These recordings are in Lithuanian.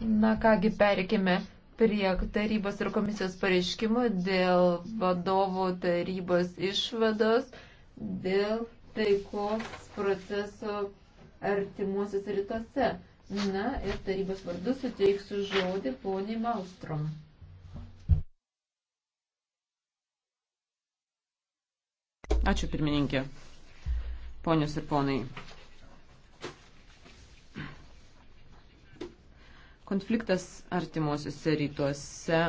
Na kągi, perikime prie tarybos ir komisijos pareiškimo dėl vadovų tarybos išvados, dėl taikos proceso artimuosius rytuose. Na ir tarybos vardu suteiksiu žodį poniai Malstrom. Ačiū pirmininkė. Ponios ir ponai. Konfliktas artimuosiuose rytuose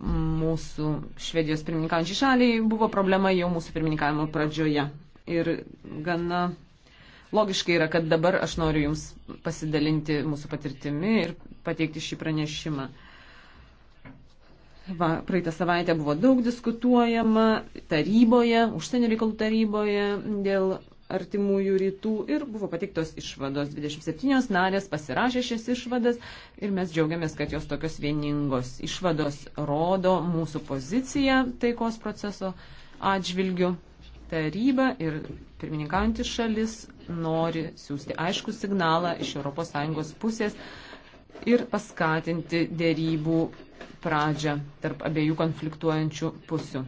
mūsų Švedijos pirmininkaujančiai šaliai buvo problema jau mūsų pirmininkavimo pradžioje. Ir gana logiškai yra, kad dabar aš noriu Jums pasidalinti mūsų patirtimi ir pateikti šį pranešimą. Va, praeitą savaitę buvo daug diskutuojama taryboje, užsienio reikalų taryboje dėl artimųjų rytų ir buvo pateiktos išvados. 27 narės pasirašė šias išvadas ir mes džiaugiamės, kad jos tokios vieningos išvados rodo mūsų poziciją taikos proceso atžvilgiu. Taryba ir pirmininkantis šalis nori siūsti aišku signalą iš ES pusės ir paskatinti dėrybų pradžią tarp abiejų konfliktuojančių pusių.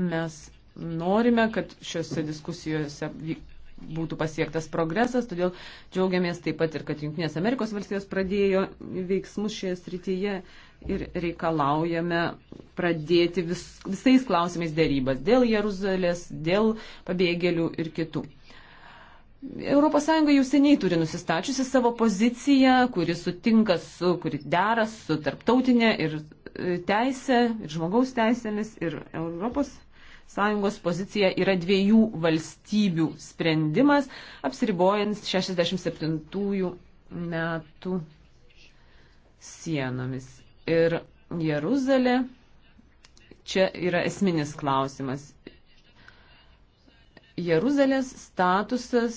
Mes norime, kad šiuose diskusijose būtų pasiektas progresas, todėl džiaugiamės taip pat ir, kad Junktinės Amerikos valstijos pradėjo veiksmus šioje srityje ir reikalaujame pradėti vis, visais klausimais dėrybas dėl Jeruzalės, dėl pabėgėlių ir kitų. ES jau seniai turi nusistačiusi savo poziciją, kuri sutinka su, kuri dera su tarptautinė ir e, teisė, ir žmogaus teisėmis, ir Europos sąjungos pozicija yra dviejų valstybių sprendimas, apsiribojant 67 metų sienomis. Ir Jeruzalė čia yra esminis klausimas. Jeruzalės statusas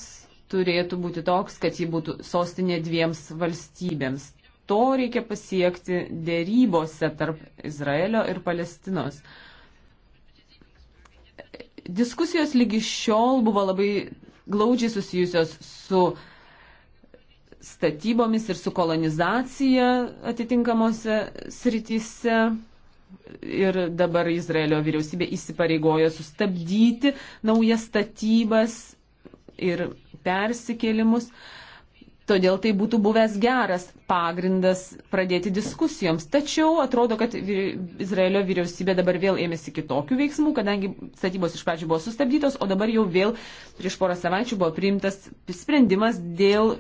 turėtų būti toks, kad ji būtų sostinė dviems valstybėms. To reikia pasiekti dėrybose tarp Izraelio ir Palestinos. Uh, Diskusijos lygi šiol buvo labai glaudžiai susijusios su statybomis ir su kolonizacija atitinkamosi srityse. Ir dabar Izraelio vyriausybė įsipareigojo sustabdyti naujas statybas ir persikėlimus. Uh, Todėl tai būtų buvęs geras pagrindas pradėti diskusijoms. Tačiau atrodo, kad Izraelio vyriausybė dabar vėl ėmėsi kitokių veiksmų, kadangi statybos iš pradžių buvo sustabdytos, o dabar jau vėl prieš porą savaičių buvo priimtas sprendimas dėl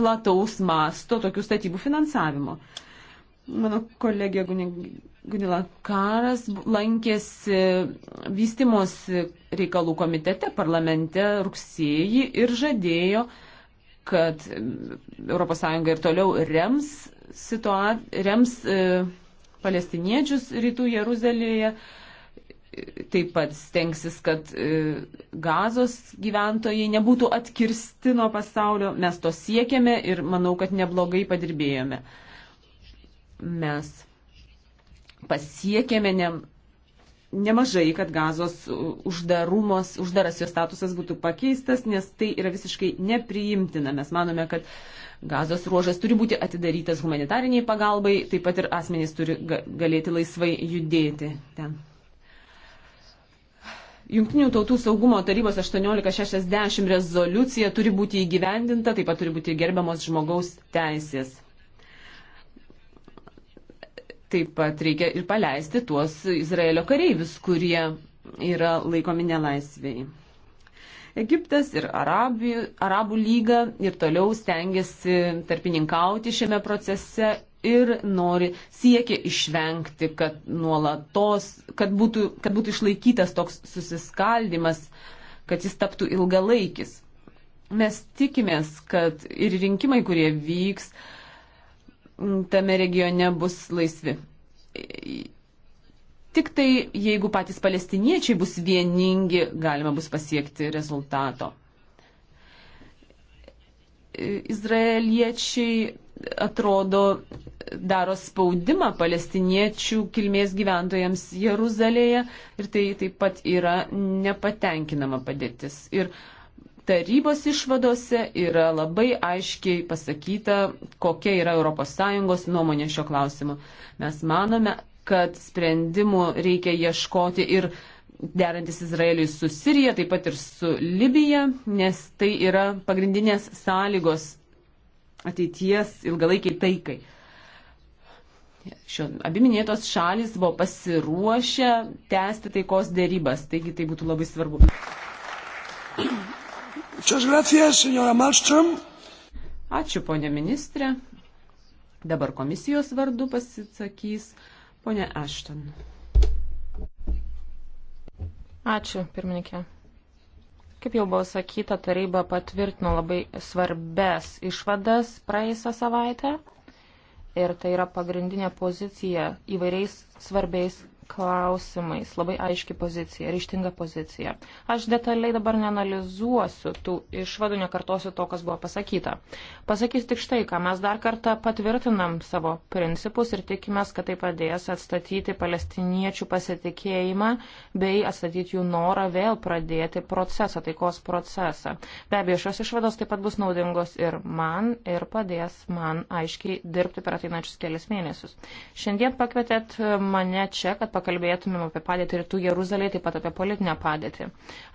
plataus masto tokių statybų finansavimo. Mano kolegė Gunila Karas lankėsi vystimos reikalų komitete parlamente rugsėjį ir žadėjo, kad ES ir toliau rems, situa, rems e, palestiniečius rytų Jeruzalėje, taip pat stengsis, kad e, gazos gyventojai nebūtų atkirsti nuo pasaulio. Mes to siekiame ir manau, kad neblogai padirbėjome. Mes pasiekėme ne, nemažai, kad gazos uždarumos, uždaras jo statusas būtų pakeistas, nes tai yra visiškai nepriimtina. Mes manome, kad gazos ruožas turi būti atidarytas humanitariniai pagalbai, taip pat ir asmenys turi galėti laisvai judėti ten. Junktinių tautų saugumo tarybos 1860 rezoliucija turi būti įgyvendinta, taip pat turi būti gerbiamos žmogaus teisės. Taip pat reikia ir paleisti tuos Izraelio kareivius, kurie yra laikomi nelaisviai. Egiptas ir Arabijų, Arabų lyga ir toliau stengiasi tarpininkauti šiame procese ir nori siekia išvengti, kad nuolatos, kad būtų, kad būtų išlaikytas toks susiskaldimas, kad jis taptų ilgalaikis. Mes tikimės, kad ir rinkimai, kurie vyks, uh, tame regione bus laisvi. Tik tai jeigu patys palestiniečiai bus vieningi, galima bus pasiekti rezultato. Izraeliečiai atrodo daro spaudimą palestiniečių kilmės gyventojams Jeruzalėje ir tai taip pat yra nepatenkinama padėtis. Ir uh, tarybos išvadose yra labai aiškiai pasakyta, kokia yra ES nuomonė šio klausimu. Mes manome, kad sprendimų reikia ieškoti ir derantis Izraeliui su Sirija, taip pat ir su Libija, nes tai yra pagrindinės sąlygos ateities ilgalaikiai taikai. Šio, abi minėtos šalis buvo pasiruošę tęsti taikos dėrybas, taigi tai būtų labai svarbu. Ačiū, ponė ministrė. Dabar komisijos vardu pasisakys ponė Ashton. Ačiū, pirmininkė. Kaip jau buvo sakyta, taryba patvirtino labai svarbes išvadas praėjusią savaitę ir tai yra pagrindinė pozicija įvairiais svarbiais klausimais labai aiški pozicija, ryštinga pozicija. Aš detaliai dabar neanalizuosiu tų išvadų, nekartosiu to, kas buvo pasakyta. Pasakysiu tik štai, ką mes dar kartą patvirtinam savo principus ir tikimės, kad tai padės atstatyti palestiniečių pasitikėjimą bei atstatyti jų norą vėl pradėti procesą, taikos procesą. Be abejo, šios išvados taip pat bus naudingos ir man ir padės man aiškiai dirbti per ateinančius kelias mėnesius. Šiandien pakvietėt mane čia, kad pakalbėtumėm apie padėtį Rytų Jeruzalėje, taip pat apie politinę padėtį.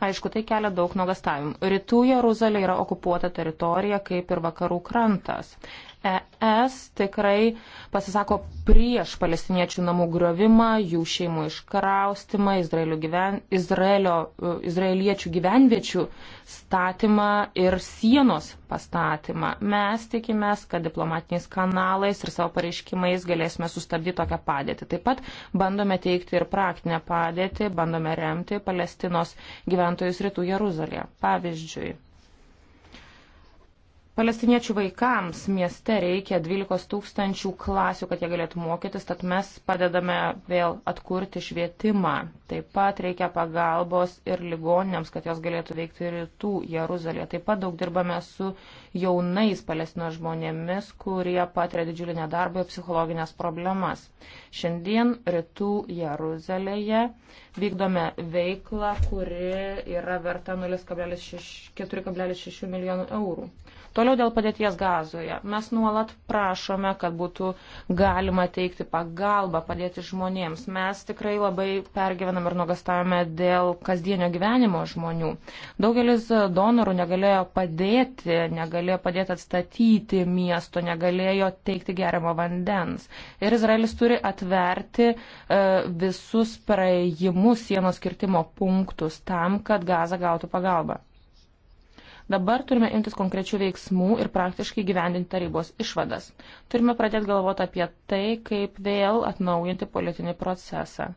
Aišku, tai kelia daug nuogastavimų. Rytų Jeruzalė yra okupuota teritorija kaip ir vakarų krantas. ES tikrai pasisako prieš palestiniečių namų griovimą, jų šeimų iškraustimą, gyven, Izraelio, e, izraeliečių gyvenviečių statymą ir sienos pastatymą. Mes tikimės, kad diplomatiniais kanalais ir savo pareiškimais galėsime sustabdyti tokią padėtį. Taip pat bandome teikti ir praktinę padėtį, bandome remti Palestinos gyventojus rytų Jeruzalėje. Pavyzdžiui, Palestiniečių vaikams mieste reikia 12 tūkstančių klasių, kad jie galėtų mokytis, tad mes padedame vėl atkurti švietimą. Taip pat reikia pagalbos ir ligoninėms, kad jos galėtų veikti rytų Jeruzalėje. Taip pat daug dirbame su jaunais palestinos žmonėmis, kurie patiria didžiulį nedarbą ir psichologinės problemas. Šiandien rytų Jeruzalėje vykdome veiklą, kuri yra verta 4,6 milijonų eurų. Toliau dėl padėties gazoje. Mes nuolat prašome, kad būtų galima teikti pagalbą, padėti žmonėms. Mes tikrai labai pergyvenam ir nuogastavome dėl kasdienio gyvenimo žmonių. Daugelis donorų negalėjo padėti, negalėjo padėti atstatyti miesto, negalėjo teikti geriamo vandens. Ir Izraelis turi atverti e, visus praėjimus sienos kirtimo punktus tam, kad gazą gautų pagalbą. Dabar turime imtis konkrečių veiksmų ir praktiškai gyvendinti tarybos išvadas. Turime pradėti galvoti apie tai, kaip vėl atnaujinti politinį procesą.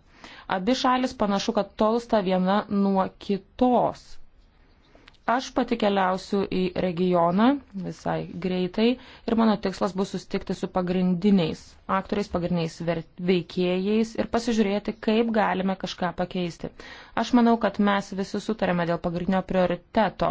Abi šalis panašu, kad tolsta viena nuo kitos Aš pati keliausiu į regioną visai greitai ir mano tikslas bus sustikti su pagrindiniais aktoriais, pagrindiniais veikėjais ir pasižiūrėti, kaip galime kažką pakeisti. Aš manau, kad mes visi sutarėme dėl pagrindinio prioriteto.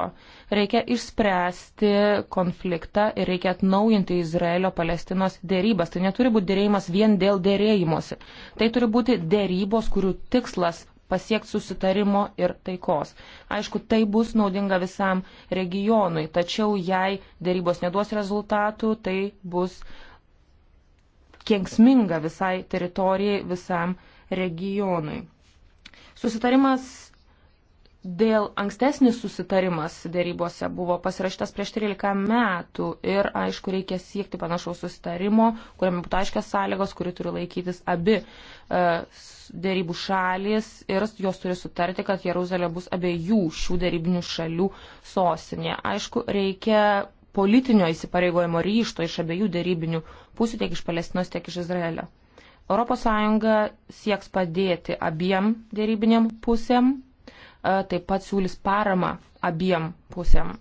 Reikia išspręsti konfliktą ir reikia atnaujinti Izraelio-Palestinos dėrybas. Tai neturi būti dėrėjimas vien dėl dėrėjimosi. Tai turi būti dėrybos, kurių tikslas pasiekti susitarimo ir taikos. Aišku, tai bus naudinga visam regionui, tačiau jei dėrybos neduos rezultatų, tai bus kenksminga visai teritorijai, visam regionui. Susitarimas dėl ankstesnis susitarimas dėrybose buvo pasirašytas prieš 13 metų ir, aišku, reikia siekti panašaus susitarimo, kuriame būtų aiškias sąlygos, kuri turi laikytis abi e, dėrybų šalis ir jos turi sutarti, kad Jeruzalė bus abiejų šių dėrybinių šalių sostinė. Aišku, reikia politinio įsipareigojimo ryšto iš abiejų dėrybinių pusių, tiek iš Palestinos, tiek iš Izraelio. ES sieks padėti abiem dėrybiniam pusėm taip pat siūlys paramą abiem pusėm.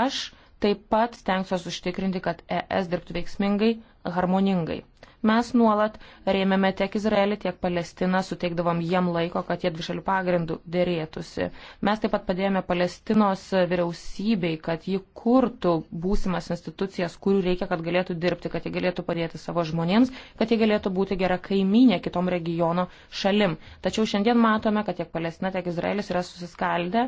Aš taip pat stengsiuosi užtikrinti, kad ES dirbtų veiksmingai, harmoningai. Mes nuolat rėmėme tiek Izraelį, tiek Palestiną, suteikdavom jiem laiko, kad jie dvišalių pagrindų dėrėtųsi. Mes taip pat padėjome Palestinos vyriausybei, kad ji kurtų būsimas institucijas, kurių reikia, kad galėtų dirbti, kad jie galėtų padėti savo žmonėms, kad jie galėtų būti gera kaiminė kitom regiono šalim. Tačiau šiandien matome, kad tiek Palestina, tiek Izraelis yra susiskaldę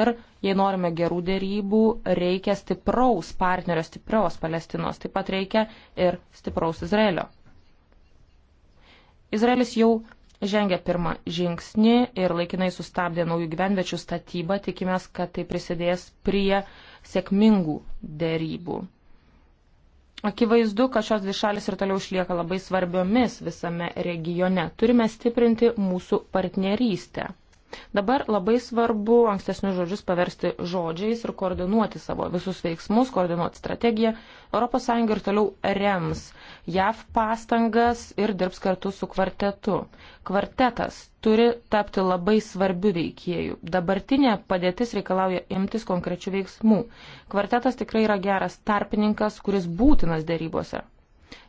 ir jei norime gerų dėrybų, reikia stipraus partnerio, stiprios Palestinos, taip pat reikia ir stipraus Izraelio. Izraelis jau žengė pirmą žingsnį ir laikinai sustabdė naujų gyvenviečių statybą. Tikimės, kad tai prisidės prie sėkmingų dėrybų. Akivaizdu, kad šios dvi šalis ir toliau išlieka labai svarbiomis visame regione. Turime stiprinti mūsų partnerystę. Dabar labai svarbu ankstesnius žodžius paversti žodžiais ir koordinuoti savo visus veiksmus, koordinuoti strategiją. ES ir toliau rems JAV pastangas ir dirbs kartu su kvartetu. Kvartetas turi tapti labai svarbiu veikėju. Dabartinė padėtis reikalauja imtis konkrečių veiksmų. Kvartetas tikrai yra geras tarpininkas, kuris būtinas dėrybose.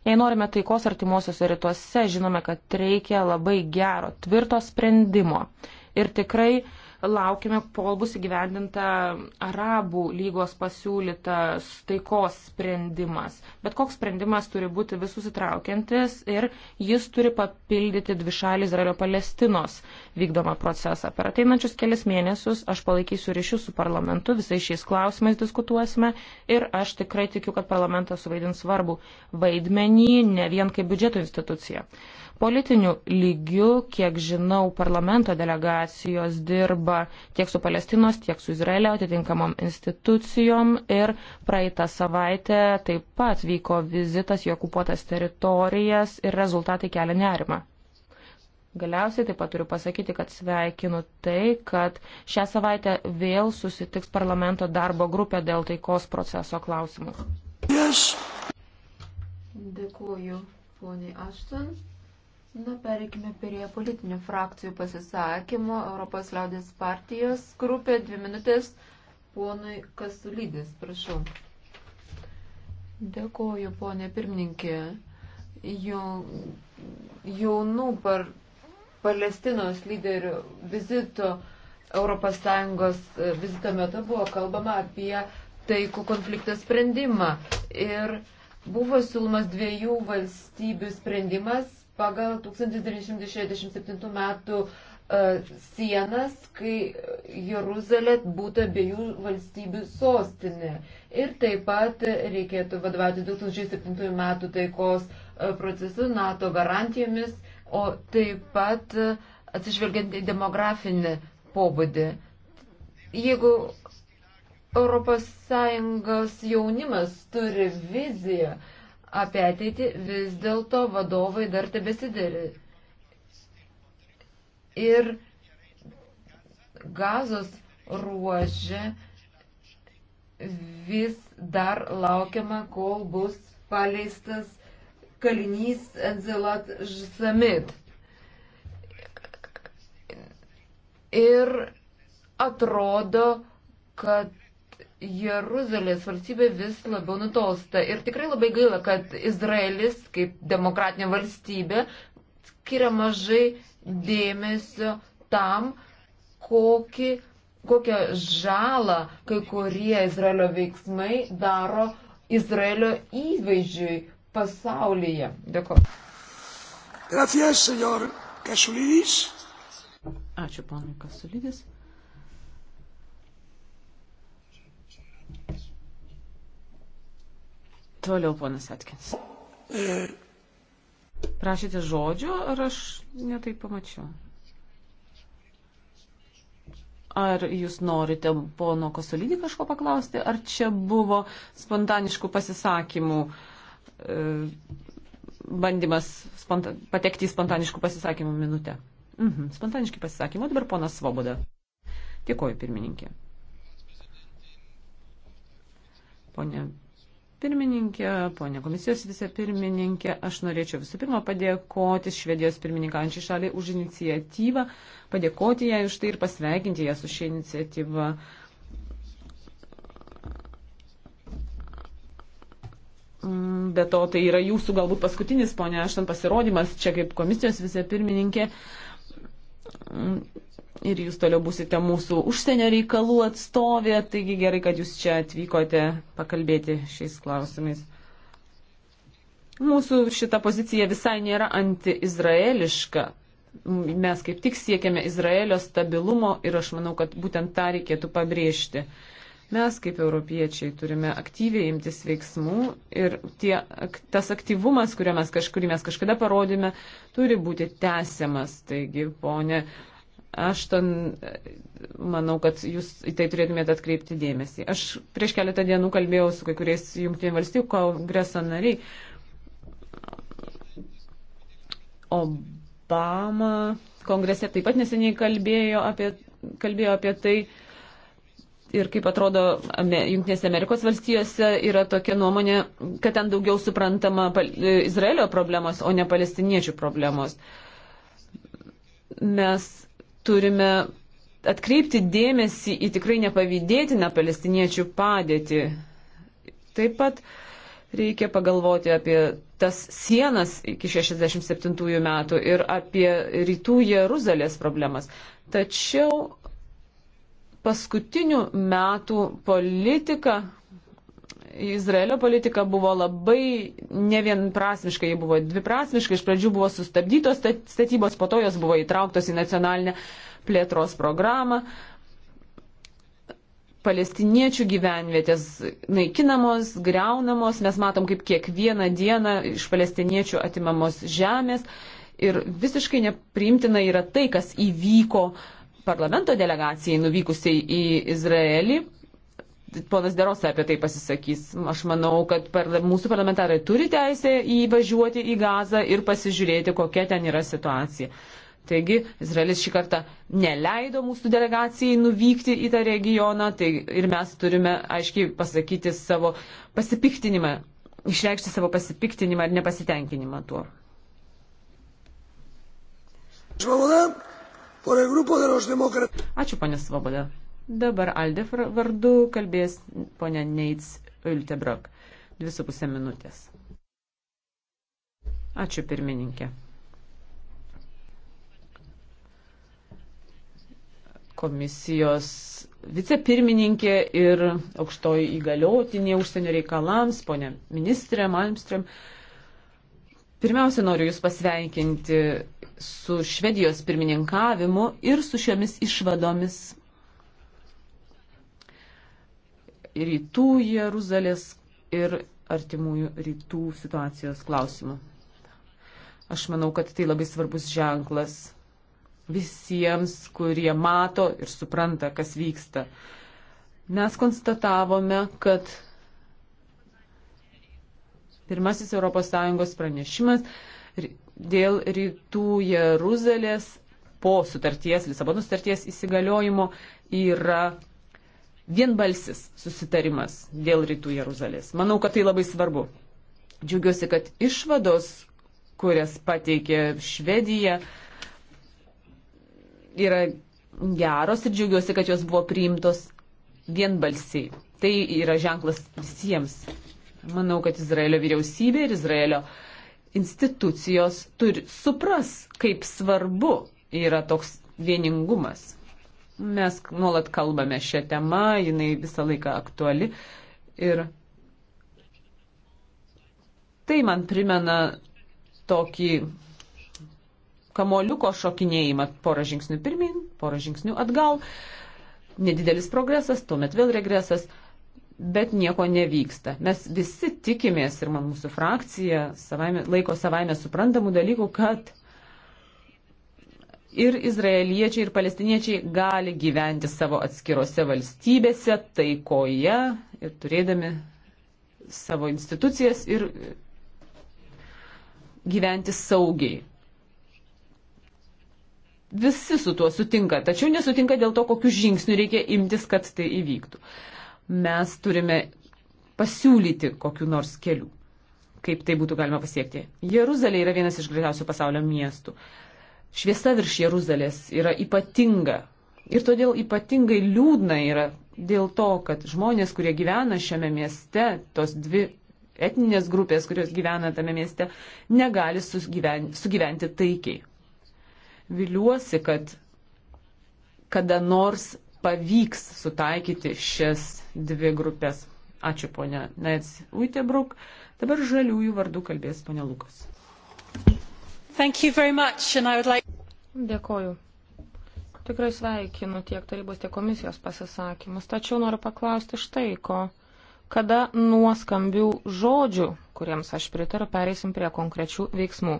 Jei norime taikos artimuosiuose rytuose, žinome, kad reikia labai gero, tvirto sprendimo. Ir tikrai laukime, kol bus įgyvendinta Arabų lygos pasiūlytas taikos sprendimas. Bet koks sprendimas turi būti visus įtraukiantis ir jis turi papildyti dvišalį Izraelio-Palestinos vykdomą procesą. Per ateinančius kelias mėnesius aš palaikysiu ryšius su parlamentu, visai šiais klausimais diskutuosime ir aš tikrai tikiu, kad parlamentas suvaidins svarbu vaidmenį ne vien kaip biudžeto institucija. Politiniu lygiu, kiek žinau, parlamento delegacijos dirba tiek su Palestinos, tiek su Izraelio atitinkamom institucijom ir praeitą savaitę taip pat vyko vizitas į okupuotas teritorijas ir rezultatai kelia nerimą. Galiausiai taip pat turiu pasakyti, kad sveikinu tai, kad šią savaitę vėl susitiks parlamento darbo grupė dėl taikos proceso klausimų. Yes. Dėkuoju, poniai Ašton. Na, pereikime prie politinių frakcijų pasisakymo. Europos liaudės partijos grupė, dvi minutės, ponui Kasulydis, prašau. Dėkoju, ponė pirmininkė. Jaunų par Palestinos lyderių vizito Europos Sąjungos e, vizito metu buvo kalbama apie taikų konflikto sprendimą. Ir buvo siūlomas dviejų valstybių sprendimas pagal 1967 metų e, sienas, kai Jeruzalė būtų abiejų valstybių sostinė. Ir taip pat reikėtų vadovauti 2007 metų taikos e, procesu NATO garantijomis, o taip pat e, atsižvelgiant į demografinį pobūdį. Jeigu ES jaunimas turi viziją, apie ateitį, vis dėlto vadovai dar tebesidėlė. Ir gazos ruožė vis dar laukiama, kol bus paleistas kalinys Enzelat Žsamit. Ir atrodo, kad Jeruzalės valstybė vis labiau nutolsta. Ir tikrai labai gaila, kad Izraelis kaip demokratinė valstybė skiria mažai dėmesio tam, kokį, kokią žalą kai kurie Izraelio veiksmai daro Izraelio įvaizdžiui pasaulyje. Dėkuoju. Gracias, senor Kasulidis. Ačiū, ponai Kasulidis. Toliau, ponas Atkins. Prašėte žodžio, ar aš netai pamačiau? Ar jūs norite pono Kosolydį kažko paklausti, ar čia buvo spontaniškų pasisakymų e, bandymas sponta, patekti į spontaniškų pasisakymų minutę? Mhm, spontaniški pasisakymai, dabar ponas Svoboda. Dėkoju, pirmininkė. Pone pirmininkė, ponė komisijos vicepirmininkė, aš norėčiau visų pirma padėkoti Švedijos pirmininkaujančiai šaliai už iniciatyvą, padėkoti jai už tai ir pasveikinti ją su šia iniciatyva. Mm, be to, tai yra jūsų galbūt paskutinis, ponė, aš ten pasirodymas čia kaip komisijos vicepirmininkė. Mm, ir jūs toliau busite mūsų užsienio reikalų atstovė, taigi gerai, kad jūs čia atvykote pakalbėti šiais klausimais. Mūsų šita pozicija visai nėra antiizraeliška. Mes kaip tik siekiame Izraelio stabilumo ir aš manau, kad būtent tą reikėtų pabrėžti. Mes kaip europiečiai turime aktyviai imtis veiksmų ir tie, tas aktyvumas, kurį mes, kaž, kurį mes kažkada parodėme, turi būti tęsiamas. Taigi, ponė Aš ten manau, kad jūs į tai turėtumėte atkreipti dėmesį. Aš prieš keletą dienų kalbėjau su kai kuriais Junktinių valstybių kongreso nariai. Obama kongrese taip pat neseniai kalbėjo apie, kalbėjo apie tai. Ir kaip atrodo, Junktinėse Amerikos valstijose yra tokia nuomonė, kad ten daugiau suprantama Izraelio problemos, o ne palestiniečių problemos. Mes turime atkreipti dėmesį į tikrai nepavydėtiną palestiniečių padėtį. Taip pat reikia pagalvoti apie tas sienas iki 67 metų ir apie rytų Jeruzalės problemas. Tačiau paskutinių metų politika Izraelio politika buvo labai ne vienprasmiška, jie buvo dviprasmiška, iš pradžių buvo sustabdytos statybos, po to jos buvo įtrauktos į nacionalinę plėtros programą, palestiniečių gyvenvietės naikinamos, greunamos, mes matom, kaip kiekvieną dieną iš palestiniečių atimamos žemės ir visiškai nepriimtina yra tai, kas įvyko parlamento delegacijai nuvykusiai į Izraelį ponas Derosa apie tai pasisakys. Aš manau, kad parla mūsų parlamentarai turi teisę įvažiuoti į Gazą ir pasižiūrėti, kokia ten yra situacija. Taigi, Izraelis šį kartą neleido mūsų delegacijai nuvykti į tą regioną tai ir mes turime aiškiai pasakyti savo pasipiktinimą, išreikšti savo pasipiktinimą ir nepasitenkinimą tuo. Ačiū, ponė Svoboda. Dabar Aldef vardu kalbės ponia Neits Ultebrok. Dvi su pusė minutės. Ačiū pirmininkė. Komisijos vicepirmininkė ir aukštoji įgaliotinė užsienio reikalams, ponia ministrė Malmström. Pirmiausia, noriu Jūs pasveikinti su Švedijos pirmininkavimu ir su šiomis išvadomis rytų Jeruzalės ir artimųjų rytų situacijos klausimų. Aš manau, kad tai labai svarbus ženklas visiems, kurie mato ir supranta, kas vyksta. Mes konstatavome, kad pirmasis ES pranešimas dėl rytų Jeruzalės po sutarties, Lisabono sutarties įsigaliojimo yra vienbalsis susitarimas dėl rytų Jeruzalės. Manau, kad tai labai svarbu. Džiaugiuosi, kad išvados, kurias pateikė Švedija, yra geros ir džiaugiuosi, kad jos buvo priimtos vienbalsiai. Tai yra ženklas visiems. Manau, kad Izraelio vyriausybė ir Izraelio institucijos turi supras, kaip svarbu yra toks vieningumas. Mes nuolat kalbame šią temą, jinai visą laiką aktuali. Ir tai man primena tokį kamoliuko šokinėjimą porą žingsnių pirmin, porą žingsnių atgal, nedidelis progresas, tuomet vėl regresas, bet nieko nevyksta. Mes visi tikimės ir man mūsų frakcija savaime, laiko savaime suprantamų dalykų, kad ir izraeliečiai, ir palestiniečiai gali gyventi savo atskirose valstybėse, taikoje ir turėdami savo institucijas ir gyventi saugiai. Visi su tuo sutinka, tačiau nesutinka dėl to, kokiu žingsniu reikia imtis, kad tai įvyktų. Mes turime pasiūlyti kokiu nors keliu, kaip tai būtų galima pasiekti. Jeruzalė yra vienas iš gražiausių pasaulio miestų. Uh, šviesa virš Jeruzalės yra ypatinga. Ir todėl ypatingai liūdna yra dėl to, kad žmonės, kurie gyvena šiame mieste, tos dvi etninės grupės, kurios gyvena tame mieste, negali sugyventi, sugyventi taikiai. Viliuosi, kad kada nors pavyks sutaikyti šias dvi grupės. Ačiū ponia Nets Uitebruk. Dabar žaliųjų vardų kalbės ponia Lukas. Like... Dėkoju. Tikrai sveikinu tiek tarybos, tiek komisijos pasisakymus, tačiau noriu paklausti štai ko kada nuo skambių žodžių, kuriems aš pritariu, pereisim prie konkrečių veiksmų.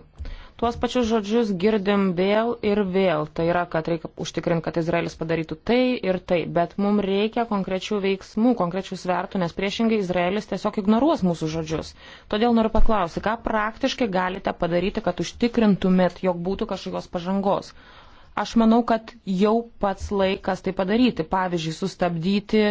Tuos pačius žodžius girdim vėl ir vėl. Tai yra, kad reikia užtikrinti, kad Izraelis padarytų tai ir tai. Bet mums reikia konkrečių veiksmų, konkrečių svertų, nes priešingai Izraelis tiesiog ignoruos mūsų žodžius. Todėl noriu paklausti, ką praktiškai galite padaryti, kad užtikrintumėt, jog būtų kažkokios pažangos aš manau, kad jau pats laikas tai padaryti. Pavyzdžiui, sustabdyti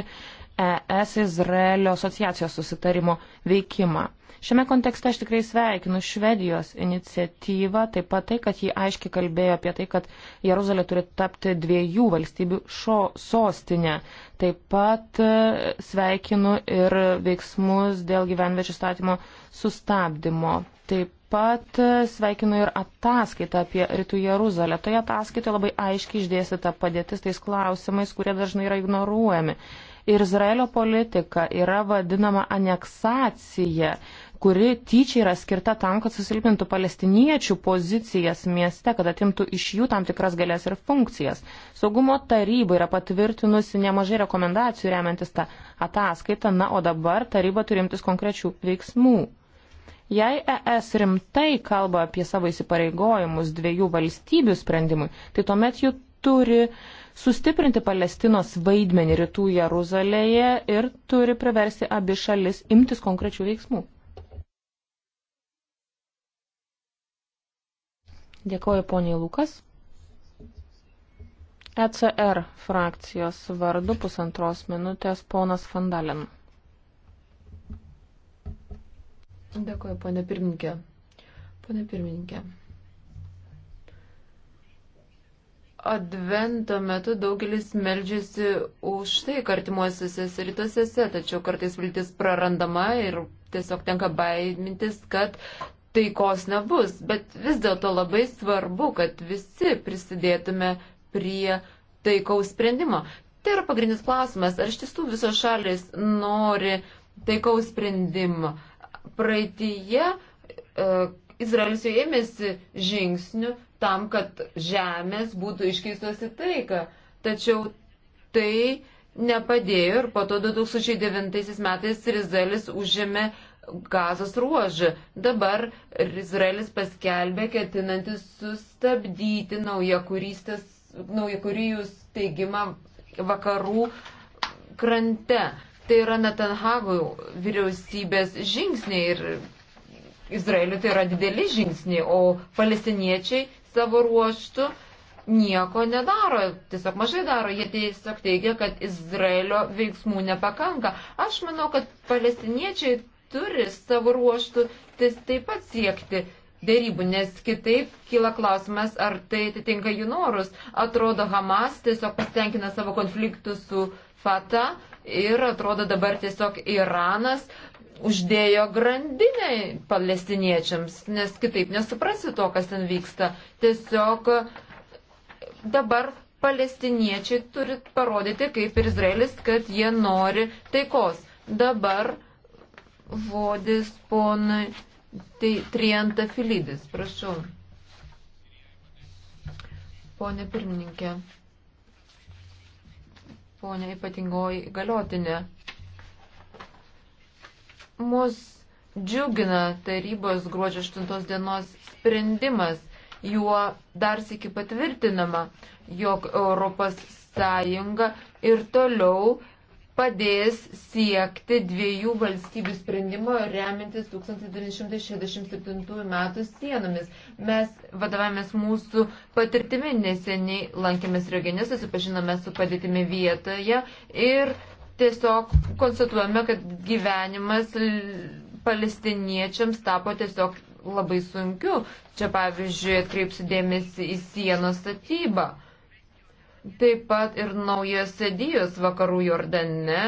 ES Izraelio asociacijos susitarimo veikimą. Šiame kontekste aš tikrai sveikinu Švedijos iniciatyvą, taip pat tai, kad ji aiškiai kalbėjo apie tai, kad Jeruzalė turi tapti dviejų valstybių šo sostinė. Taip pat e, sveikinu ir veiksmus dėl gyvenvečių statymo sustabdymo. Taip pat e, sveikinu ir ataskaitą apie Rytų Jeruzalę. Toje ataskaitoje labai aiškiai išdėstyta padėtis tais klausimais, kurie dažnai yra ignoruojami ir Izraelio politika yra vadinama aneksacija, kuri tyčia yra skirta tam, kad susilpintų palestiniečių pozicijas mieste, kad atimtų iš jų tam tikras galės ir funkcijas. Saugumo taryba yra patvirtinusi nemažai rekomendacijų remiantis tą ataskaitą, na, o dabar taryba turi imtis konkrečių veiksmų. Jei ES rimtai kalba apie savo įsipareigojimus dviejų valstybių sprendimui, tai tuomet jų turi uh, sustiprinti Palestinos vaidmenį rytų Jeruzalėje ir turi priversti abi šalis imtis konkrečių veiksmų. Dėkoju poniai Lukas. ECR frakcijos vardu pusantros minutės ponas Fandalin. Dėkoju, ponė pirmininkė. Pone pirmininkė. Advento metu daugelis melžiasi už tai kartimuosiuose rytuose, tačiau kartais viltis prarandama ir tiesiog tenka baimintis, kad taikos nebus. Bet vis dėlto labai svarbu, kad visi prisidėtume prie taikaus sprendimo. Tai yra pagrindinis klausimas, ar iš tiesų visos šalis nori taikaus sprendimo. Praeitįje e, Izraelis jau ėmėsi žingsnių tam, kad žemės būtų iškeistos į taiką. Tačiau tai nepadėjo ir po to 2009 metais Izraelis užėmė gazos ruožą. Dabar Izraelis paskelbė ketinantis sustabdyti naujakurijų steigimą vakarų krante. Tai yra Netanhagų vyriausybės žingsniai ir Izraeliu tai yra dideli žingsniai, o palestiniečiai savo ruoštų nieko nedaro, tiesiog mažai daro, jie tiesiog teigia, kad Izraelio veiksmų nepakanka. Aš manau, kad palestiniečiai turi savo ruoštų taip pat siekti dėrybų, nes kitaip kyla klausimas, ar tai atitinka jų norus. Atrodo, Hamas tiesiog pasitenkina savo konfliktų su Fata ir atrodo dabar tiesiog Iranas uždėjo grandiniai palestiniečiams, nes kitaip nesuprasi to, kas ten vyksta. Tiesiog dabar palestiniečiai turi parodyti, kaip ir Izraelis, kad jie nori taikos. Dabar vodis ponui tai, Trienta Filidis, prašau. Pone pirmininkė, ponė ypatingoji galiotinė mus džiugina tarybos gruodžio 8 dienos sprendimas. Juo dar sėki patvirtinama, jog Europos Sąjunga ir toliau padės siekti dviejų valstybių sprendimo remintis 1967 metų sienomis. Mes vadovavomės mūsų patirtimi, neseniai lankėmės regione, susipažinome su padėtimi vietoje ir tiesiog konstatuojame, kad gyvenimas palestiniečiams tapo tiesiog labai sunkiu. Čia pavyzdžiui atkreipsiu dėmesį į sienos statybą. Taip pat ir naujos sėdijos vakarų Jordane,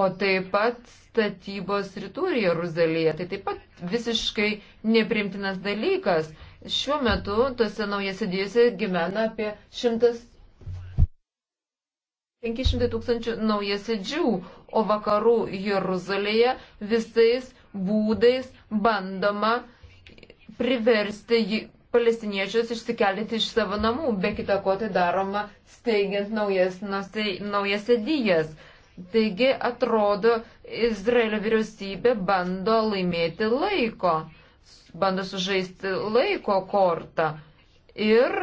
o taip pat statybos rytų Jeruzalėje. Tai taip pat visiškai neprimtinas dalykas. Šiuo metu tose naujose dėjose gyvena apie šimtas 500 tūkstančių naujasidžių, o vakarų Jeruzalėje visais būdais bandoma priversti palestiniečius išsikeldyti iš savo namų, be kita ko tai daroma steigiant naujas, naujas edijas. Taigi atrodo, Izraelio vyriausybė bando laimėti laiko, bando sužaisti laiko kortą ir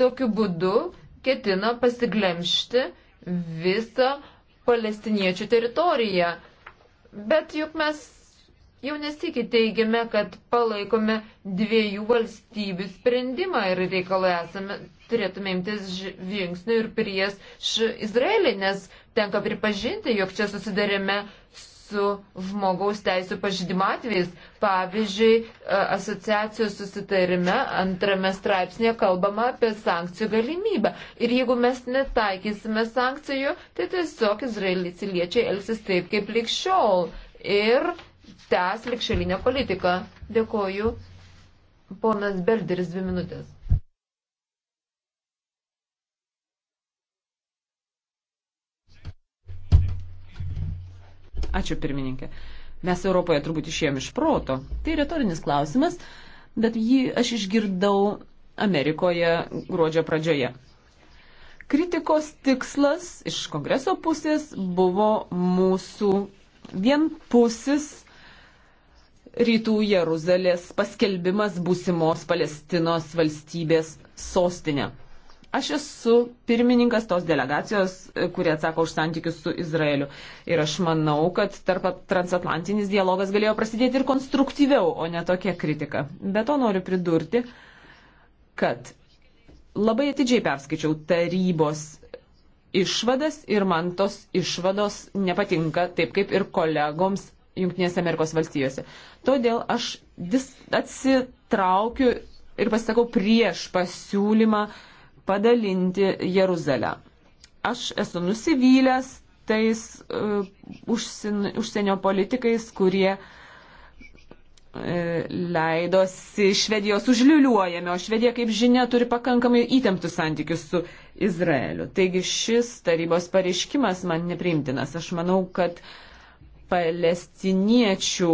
tokiu būdu ketina pasiglemšti visą palestiniečių teritoriją. Bet juk mes jau nesikį teigiame, kad palaikome dviejų valstybių sprendimą ir reikalai esame, turėtume imtis žingsnių ir prieš Izraelį, nes tenka pripažinti, jog čia susidarėme su žmogaus teisų pažydimo atvejais. Pavyzdžiui, asociacijos susitarime antrame straipsnėje kalbama apie sankcijų galimybę. Ir jeigu mes netaikysime sankcijų, tai tiesiog izraeliciliečiai elgsis taip kaip likščiol ir tęs likščiolinę politiką. Dėkoju. Ponas Belderis, dvi minutės. Ačiū pirmininkė. Mes Europoje turbūt išėjom iš proto. Tai retorinis klausimas, bet jį aš išgirdau Amerikoje gruodžio pradžioje. Kritikos tikslas iš kongreso pusės buvo mūsų vienpusis rytų Jeruzalės paskelbimas būsimos Palestinos valstybės sostinė. Aš esu pirmininkas tos delegacijos, e, kurie atsako už santykius su Izraeliu. Ir aš manau, kad tarp transatlantinis dialogas galėjo prasidėti ir konstruktyviau, o ne tokia kritika. Be to noriu pridurti, kad labai atidžiai perskaičiau tarybos išvadas ir man tos išvados nepatinka, taip kaip ir kolegoms Junktinėse Amerikos valstijose. Todėl aš dis, atsitraukiu ir pasisakau prieš pasiūlymą uh, padalinti Jeruzalę. Aš esu nusivylęs tais uh, užsienio politikais, kurie uh, leidosi Švedijos užliuliuojami, o Švedija, kaip žinia, turi pakankamai įtemptus santykius su Izraeliu. Taigi šis tarybos pareiškimas man nepriimtinas. Aš manau, kad palestiniečių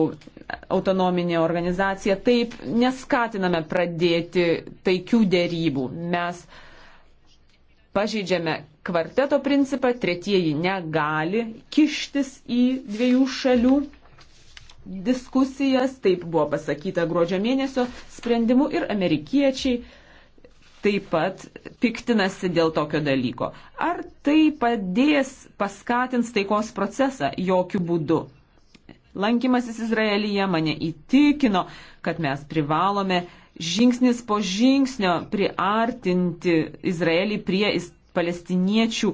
autonominė organizacija taip neskatiname pradėti taikių dėrybų. Mes uh, pažeidžiame kvarteto principą, tretieji negali kištis į dviejų šalių diskusijas, taip buvo pasakyta gruodžio mėnesio sprendimu ir amerikiečiai taip pat piktinasi dėl tokio dalyko. Ar tai padės paskatins taikos procesą jokių būdų? Lankymasis Izraelyje mane įtikino, kad mes privalome žingsnis po žingsnio priartinti Izraelį prie palestiniečių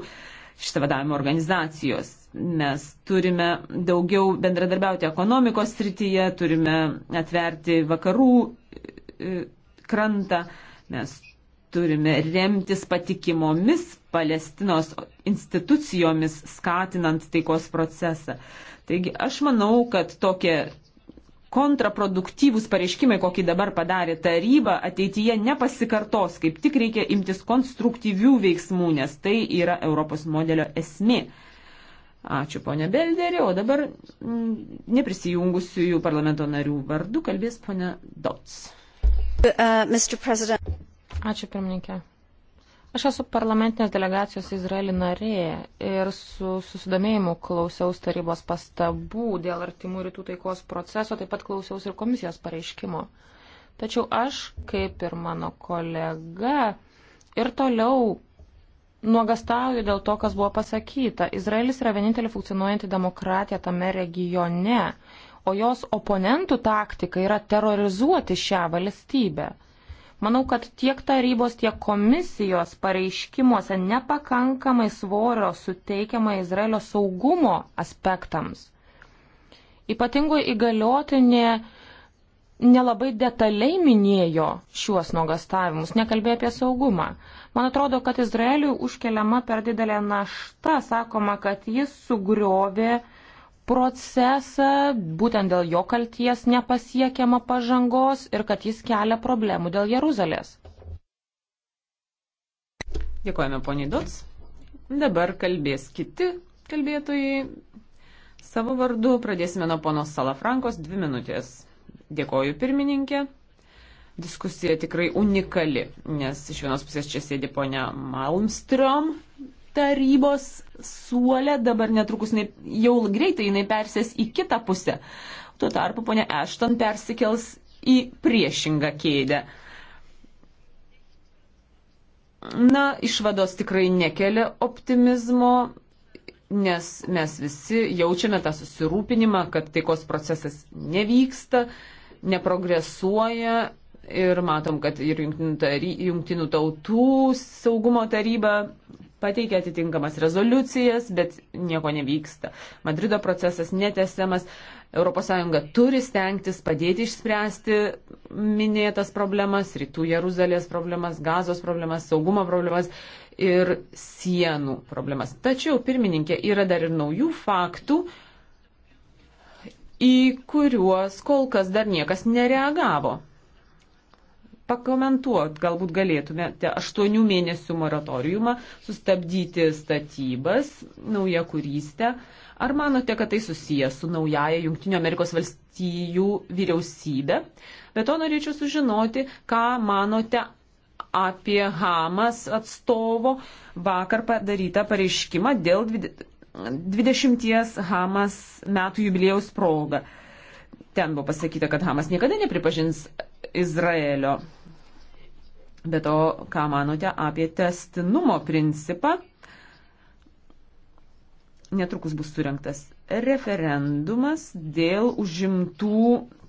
ištavadavimo organizacijos. Mes turime daugiau bendradarbiauti ekonomikos srityje, turime atverti vakarų e, krantą, mes turime remtis patikimomis Palestinos institucijomis, skatinant taikos procesą. Taigi aš manau, kad tokie kontraproduktyvūs pareiškimai, kokį dabar padarė taryba, ateityje nepasikartos, kaip tik reikia imtis konstruktyvių veiksmų, nes tai yra Europos modelio esmė. Ačiū ponė Belderė, o dabar mm, neprisijungusiųjų parlamento narių vardu kalbės ponė Dots. Uh, Ačiū pirmininkė. Aš esu parlamentinės delegacijos Izraelį narė ir su susidomėjimu klausiaus tarybos pastabų dėl artimų rytų taikos proceso, taip pat klausiaus ir komisijos pareiškimo. Tačiau aš, kaip ir mano kolega, ir toliau nuogastauju dėl to, kas buvo pasakyta. Izraelis yra vienintelė funkcionuojanti demokratija tame regione, o jos oponentų taktika yra terrorizuoti šią valstybę. Manau, kad tiek tarybos, tiek komisijos pareiškimuose nepakankamai svorio suteikiama Izraelio saugumo aspektams. Ypatingoji įgaliotinė nelabai detaliai minėjo šiuos nuogastavimus, nekalbėjo apie saugumą. Man atrodo, kad Izraeliui užkeliama per didelė našta, sakoma, kad jis sugriovė uh, procesą, būtent dėl jo kalties nepasiekiama pažangos ir kad jis kelia problemų dėl Jeruzalės. Dėkojame, poniai Dots. Dabar kalbės kiti kalbėtojai. Savo vardu pradėsime nuo ponos Salafrankos dvi minutės. Dėkoju pirmininkė. Diskusija tikrai unikali, nes iš vienos pusės čia sėdi ponia Malmstrom, tarybos suolė, dabar netrukus jinai, jau greitai jinai persės į kitą pusę. Tuo tarpu ponia Ešton persikels į priešingą kėdę. Na, išvados tikrai nekelia optimizmo, nes mes visi jaučiame tą susirūpinimą, kad taikos procesas nevyksta, neprogresuoja ir matom, kad ir jungtinių, tary, jungtinių tautų saugumo taryba pateikia atitinkamas rezoliucijas, bet nieko nevyksta. Madrido procesas netesiamas. ES turi stengtis padėti išspręsti minėtas problemas, rytų Jeruzalės problemas, gazos problemas, saugumo problemas ir sienų problemas. Tačiau, pirmininkė, yra dar ir naujų faktų, į kuriuos kol kas dar niekas nereagavo pakomentuot, galbūt galėtumėte aštuonių mėnesių moratoriumą sustabdyti statybas, naują kurystę. Ar manote, kad tai susijęs su naujaja Junktinio Amerikos valstijų vyriausybė? Bet to norėčiau sužinoti, ką manote apie Hamas atstovo vakar padarytą pareiškimą dėl 20 Hamas metų jubiliejaus proga. Ten buvo pasakyta, kad Hamas niekada nepripažins Izraelio. Bet o ką manote apie testinumo principą? Netrukus bus surinktas referendumas dėl užimtų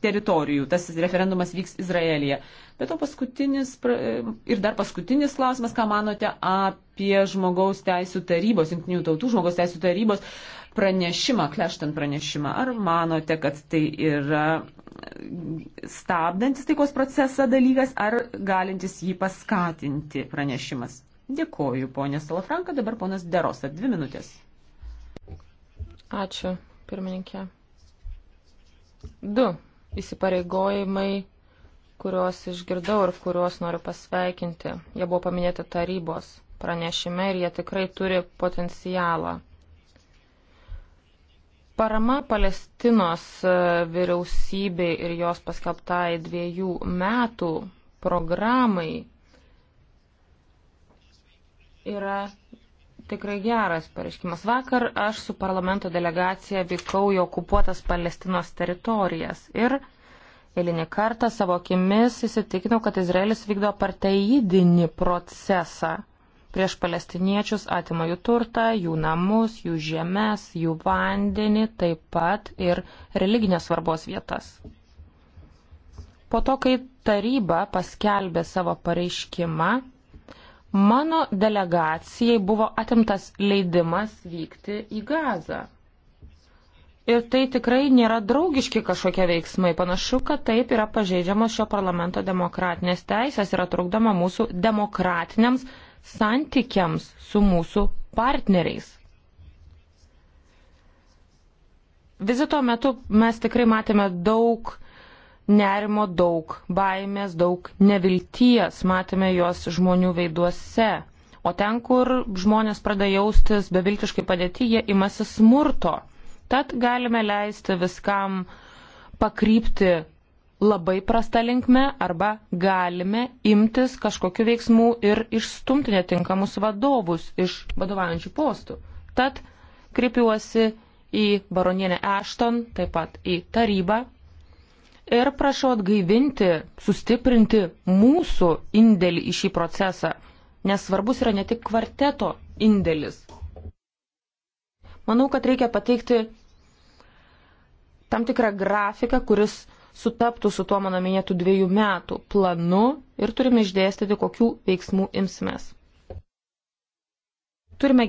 teritorijų. Tas referendumas vyks Izraelija. Bet o paskutinis ir dar paskutinis klausimas, ką manote apie žmogaus teisų tarybos, jungtinių tautų žmogaus teisų tarybos pranešimą, kleštant pranešimą. Ar manote, kad tai yra stabdantis taikos procesą dalykas ar galintis jį paskatinti pranešimas. Dėkoju, ponė Salafranka, dabar ponas Derosa, dvi minutės. Ačiū, pirmininkė. Du įsipareigojimai, kuriuos išgirdau ir kuriuos noriu pasveikinti. Jie buvo paminėti tarybos pranešime ir jie tikrai turi potencialą Parama Palestinos e, vyriausybei ir jos paskelbtai dviejų metų programai yra tikrai geras pareiškimas. Vakar aš su parlamento delegacija vykau į okupuotas Palestinos teritorijas ir eilinį kartą savo akimis įsitikinau, kad Izraelis vykdo parteidinį procesą prieš palestiniečius, atima jų turtą, jų namus, jų žemės, jų vandenį, taip pat ir religinės svarbos vietas. Po to, kai taryba paskelbė savo pareiškimą, mano delegacijai buvo atimtas leidimas vykti į Gazą. Ir tai tikrai nėra draugiški kažkokie veiksmai. Panašu, kad taip yra pažeidžiamos šio parlamento demokratinės teisės, yra trukdama mūsų demokratiniams santykiams su mūsų partneriais. Vizito metu mes tikrai matėme daug nerimo, daug baimės, daug nevilties, matėme juos žmonių veiduose. O ten, kur žmonės pradeda jaustis beviltiškai padėti, jie imasi smurto. Tad galime leisti viskam pakrypti labai prasta linkme arba galime imtis kažkokiu veiksmu ir išstumti netinkamus vadovus iš vadovaujančių postų. Tad kreipiuosi į baronienę Ashton, taip pat į tarybą ir prašau atgaivinti, sustiprinti mūsų indėlį į šį procesą, nes svarbus yra ne tik kvarteto indėlis. Manau, kad reikia pateikti tam tikrą grafiką, kuris sutaptų su tuo mano minėtų dviejų metų planu ir turime išdėstyti, kokių veiksmų imsimės. Turime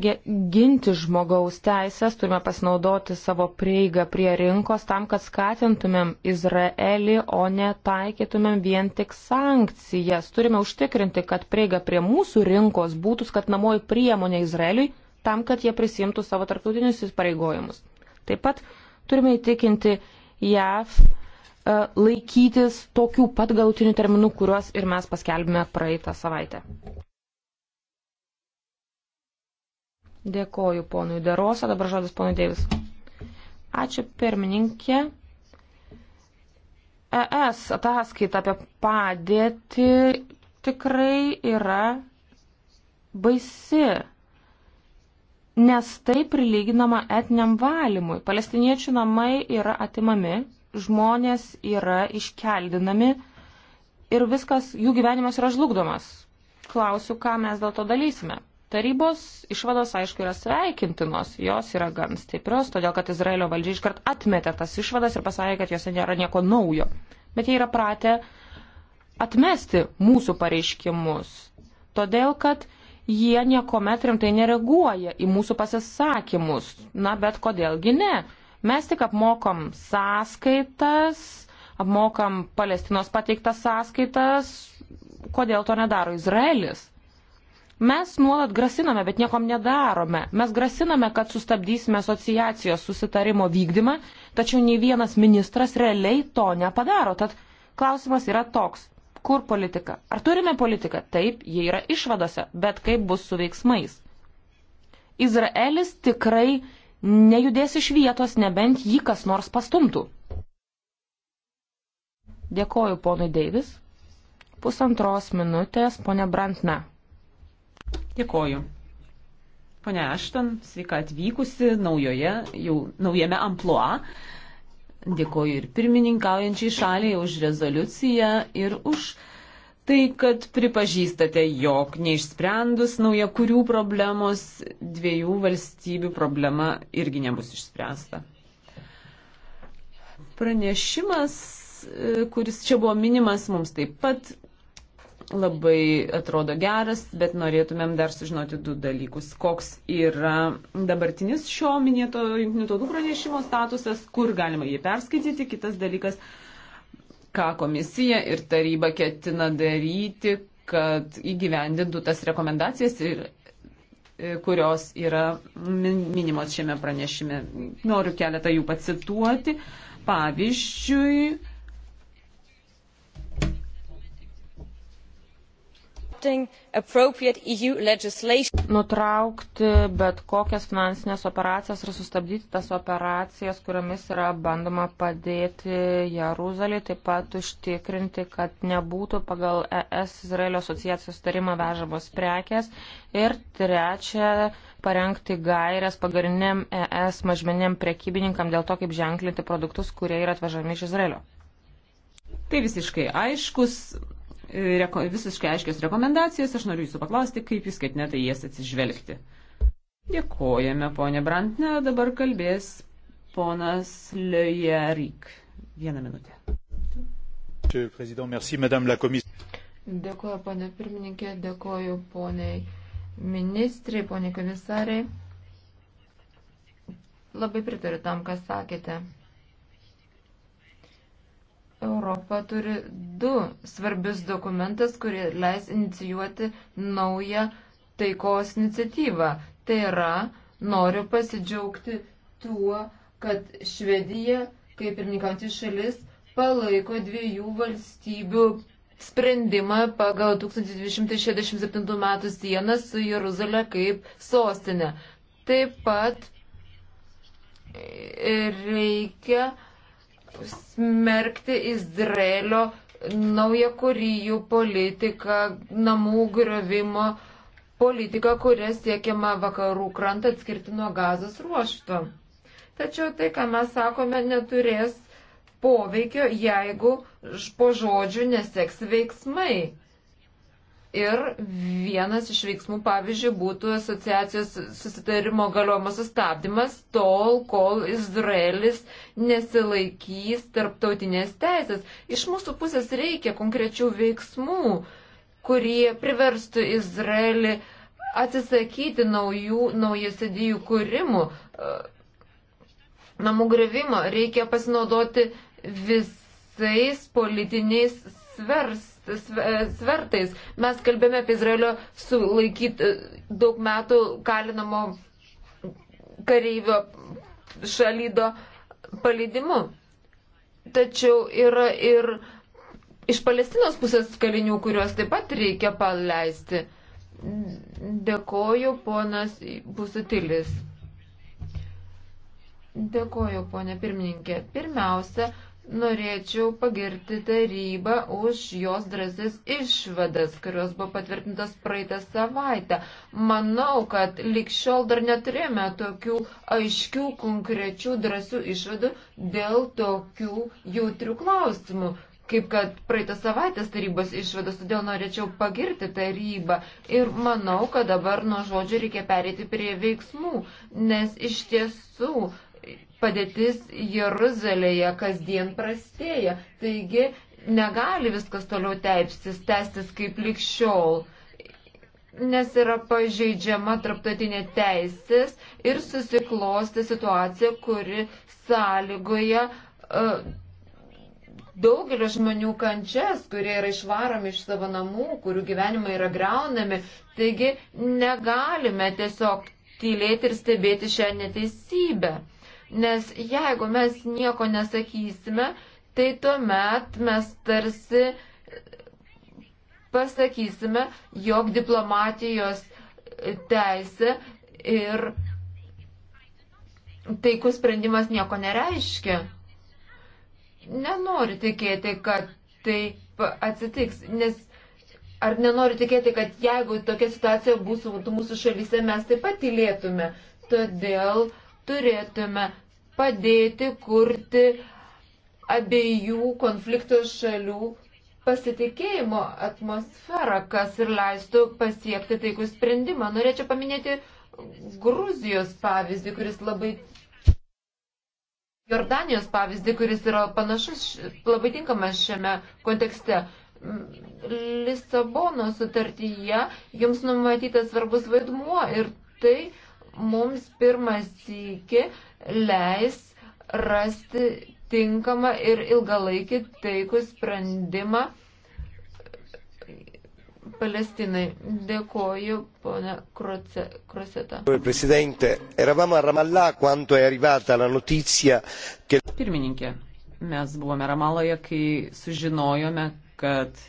ginti žmogaus teisės, turime pasinaudoti savo prieigą prie rinkos tam, kad skatintumėm Izraelį, o ne taikytumėm vien tik sankcijas. Turime užtikrinti, kad prieiga prie mūsų rinkos būtų skatinamoji priemonė Izraeliui tam, kad jie prisimtų savo tarptautinius įsipareigojimus. Taip pat turime įtikinti JAV E, laikytis tokių pat galutinių terminų, kuriuos ir mes paskelbėme praeitą savaitę. Dėkoju ponui Derosa, dabar žodis ponui Deivis. Ačiū pirmininkė. ES ataskaita apie padėtį tikrai yra baisi, nes tai prilyginama etiniam valymui. Palestiniečių namai yra atimami žmonės yra iškeldinami ir viskas, jų gyvenimas yra žlugdomas. Klausiu, ką mes dėl to dalysime. Tarybos išvados, aišku, yra sveikintinos, jos yra gan stiprios, todėl kad Izraelio valdžia iškart atmetė tas išvadas ir pasakė, kad jose nėra nieko naujo. Bet jie yra pratę atmesti mūsų pareiškimus, todėl kad jie niekuomet rimtai nereaguoja į mūsų pasisakymus. Na, bet kodėlgi ne? Mes tik apmokom sąskaitas, apmokam Palestinos pateiktas sąskaitas. Kodėl to nedaro Izraelis? Mes nuolat grasiname, bet niekom nedarome. Mes grasiname, kad sustabdysime asociacijos susitarimo vykdymą, tačiau nei vienas ministras realiai to nepadaro. Tad klausimas yra toks. Kur politika? Ar turime politiką? Taip, jie yra išvadose, bet kaip bus su veiksmais? Izraelis tikrai nejudės iš vietos, nebent jį kas nors pastumtų. Dėkoju ponui Deivis. Pusantros minutės, ponė Brantna. Dėkoju. Pone Ašton, sveika atvykusi naujoje, jau naujame amploa. Dėkoju ir pirmininkaujančiai šaliai už rezoliuciją ir už uh, tai, kad pripažįstate, jog neišsprendus nauja kurių problemos, dviejų valstybių problema irgi nebus išspręsta. Pranešimas, e, kuris čia buvo minimas, mums taip pat labai atrodo geras, bet norėtumėm dar sužinoti du dalykus. Koks yra dabartinis šio minėto jungtinių tautų pranešimo statusas, kur galima jį perskaityti, kitas dalykas ką komisija ir taryba ketina daryti, kad įgyvendintų tas rekomendacijas, ir, e, kurios yra minimos šiame pranešime. Noriu keletą jų pacituoti. Pavyzdžiui, E Nutraukti bet kokias finansinės operacijas ir sustabdyti tas operacijas, kuriomis yra bandoma padėti Jeruzalį, taip pat užtikrinti, kad nebūtų pagal ES Izraelio asociacijos tarimą vežamos prekės. Ir trečia, parengti gairias pagrindiniam ES mažmeniam prekybininkam dėl to, kaip ženklinti produktus, kurie yra atvežami iš Izraelio. Tai visiškai aiškus reko, visiškai aiškios rekomendacijas. Aš noriu jūsų paklausti, kaip jūs ketinate į jas atsižvelgti. Dėkojame, ponė Brantne. Dabar kalbės ponas Lejerik. Vieną minutę. Dėkuoju, ponė pirmininkė, dėkuoju, poniai ministrai, poniai komisarai. Labai pritariu tam, ką sakėte. Europa turi du svarbius dokumentus, kurie leis inicijuoti naują taikos iniciatyvą. Tai yra, noriu pasidžiaugti tuo, kad Švedija, kaip ir minkanti šalis, palaiko dviejų valstybių sprendimą pagal 1267 metų sieną su Jeruzalė kaip sostinė. Taip pat reikia smerkti Izraelio naują kurijų politiką, namų gravimo politiką, kuria siekiama vakarų krantą atskirti nuo gazos ruošto. Tačiau tai, ką mes sakome, neturės poveikio, jeigu po žodžių neseks veiksmai. Ir vienas iš veiksmų, pavyzdžiui, būtų asociacijos susitarimo galiojimo sustabdymas tol, kol Izraelis nesilaikys tarptautinės teisės. Iš mūsų pusės reikia konkrečių veiksmų, kurie priverstų Izraelį atsisakyti naujų, naujų sidijų kūrimų, namų grevimo. Reikia pasinaudoti visais politiniais svers E, svertais. Mes kalbėjome apie Izraelio sulaikyt e, daug metų kalinamo kareivio šalydo paleidimu. Tačiau yra ir iš Palestinos pusės kalinių, kuriuos taip pat reikia paleisti. Dėkoju, ponas Busutilis. Dėkoju, ponė pirmininkė. Pirmiausia, norėčiau pagirti tarybą už jos drąsias išvadas, kurios buvo patvirtintas praeitą savaitę. Manau, kad likščiol dar neturėjome tokių aiškių, konkrečių, drąsių išvadų dėl tokių jautrių klausimų. Kaip kad praeitą savaitės tarybos išvadas, todėl norėčiau pagirti tarybą ir manau, kad dabar nuo žodžių reikia perėti prie veiksmų, nes iš tiesų padėtis Jeruzalėje kasdien prastėja. Taigi negali viskas toliau teipsis, tęstis kaip likščiol, nes yra pažeidžiama tarptautinė teisės ir susiklosti situacija, kuri sąlygoja. Uh, daugelio žmonių kančias, kurie yra išvaromi iš savo namų, kurių gyvenimai yra greunami. Taigi negalime tiesiog tylėti ir stebėti šią neteisybę. Nes jeigu mes nieko nesakysime, tai tuomet mes tarsi pasakysime, jog diplomatijos teisė ir taikų sprendimas nieko nereiškia. Nenoriu tikėti, kad taip atsitiks, nes ar nenoriu tikėti, kad jeigu tokia situacija būtų mūsų šalyse, mes taip pat tylėtume. Todėl turėtume padėti kurti abiejų konflikto šalių pasitikėjimo atmosferą, kas ir leistų pasiekti taikų sprendimą. Norėčiau paminėti Gruzijos pavyzdį, kuris labai. Jordanijos pavyzdį, kuris yra panašus, labai tinkamas šiame kontekste. Lisabono sutartyje jums numatytas svarbus vaidmuo ir tai mums pirmas iki leis rasti tinkamą ir ilgalaikį taikų sprendimą Palestinai. Dėkoju, ponia Croseta. Pirmininkė, mes buvome Ramaloje, kai sužinojome, kad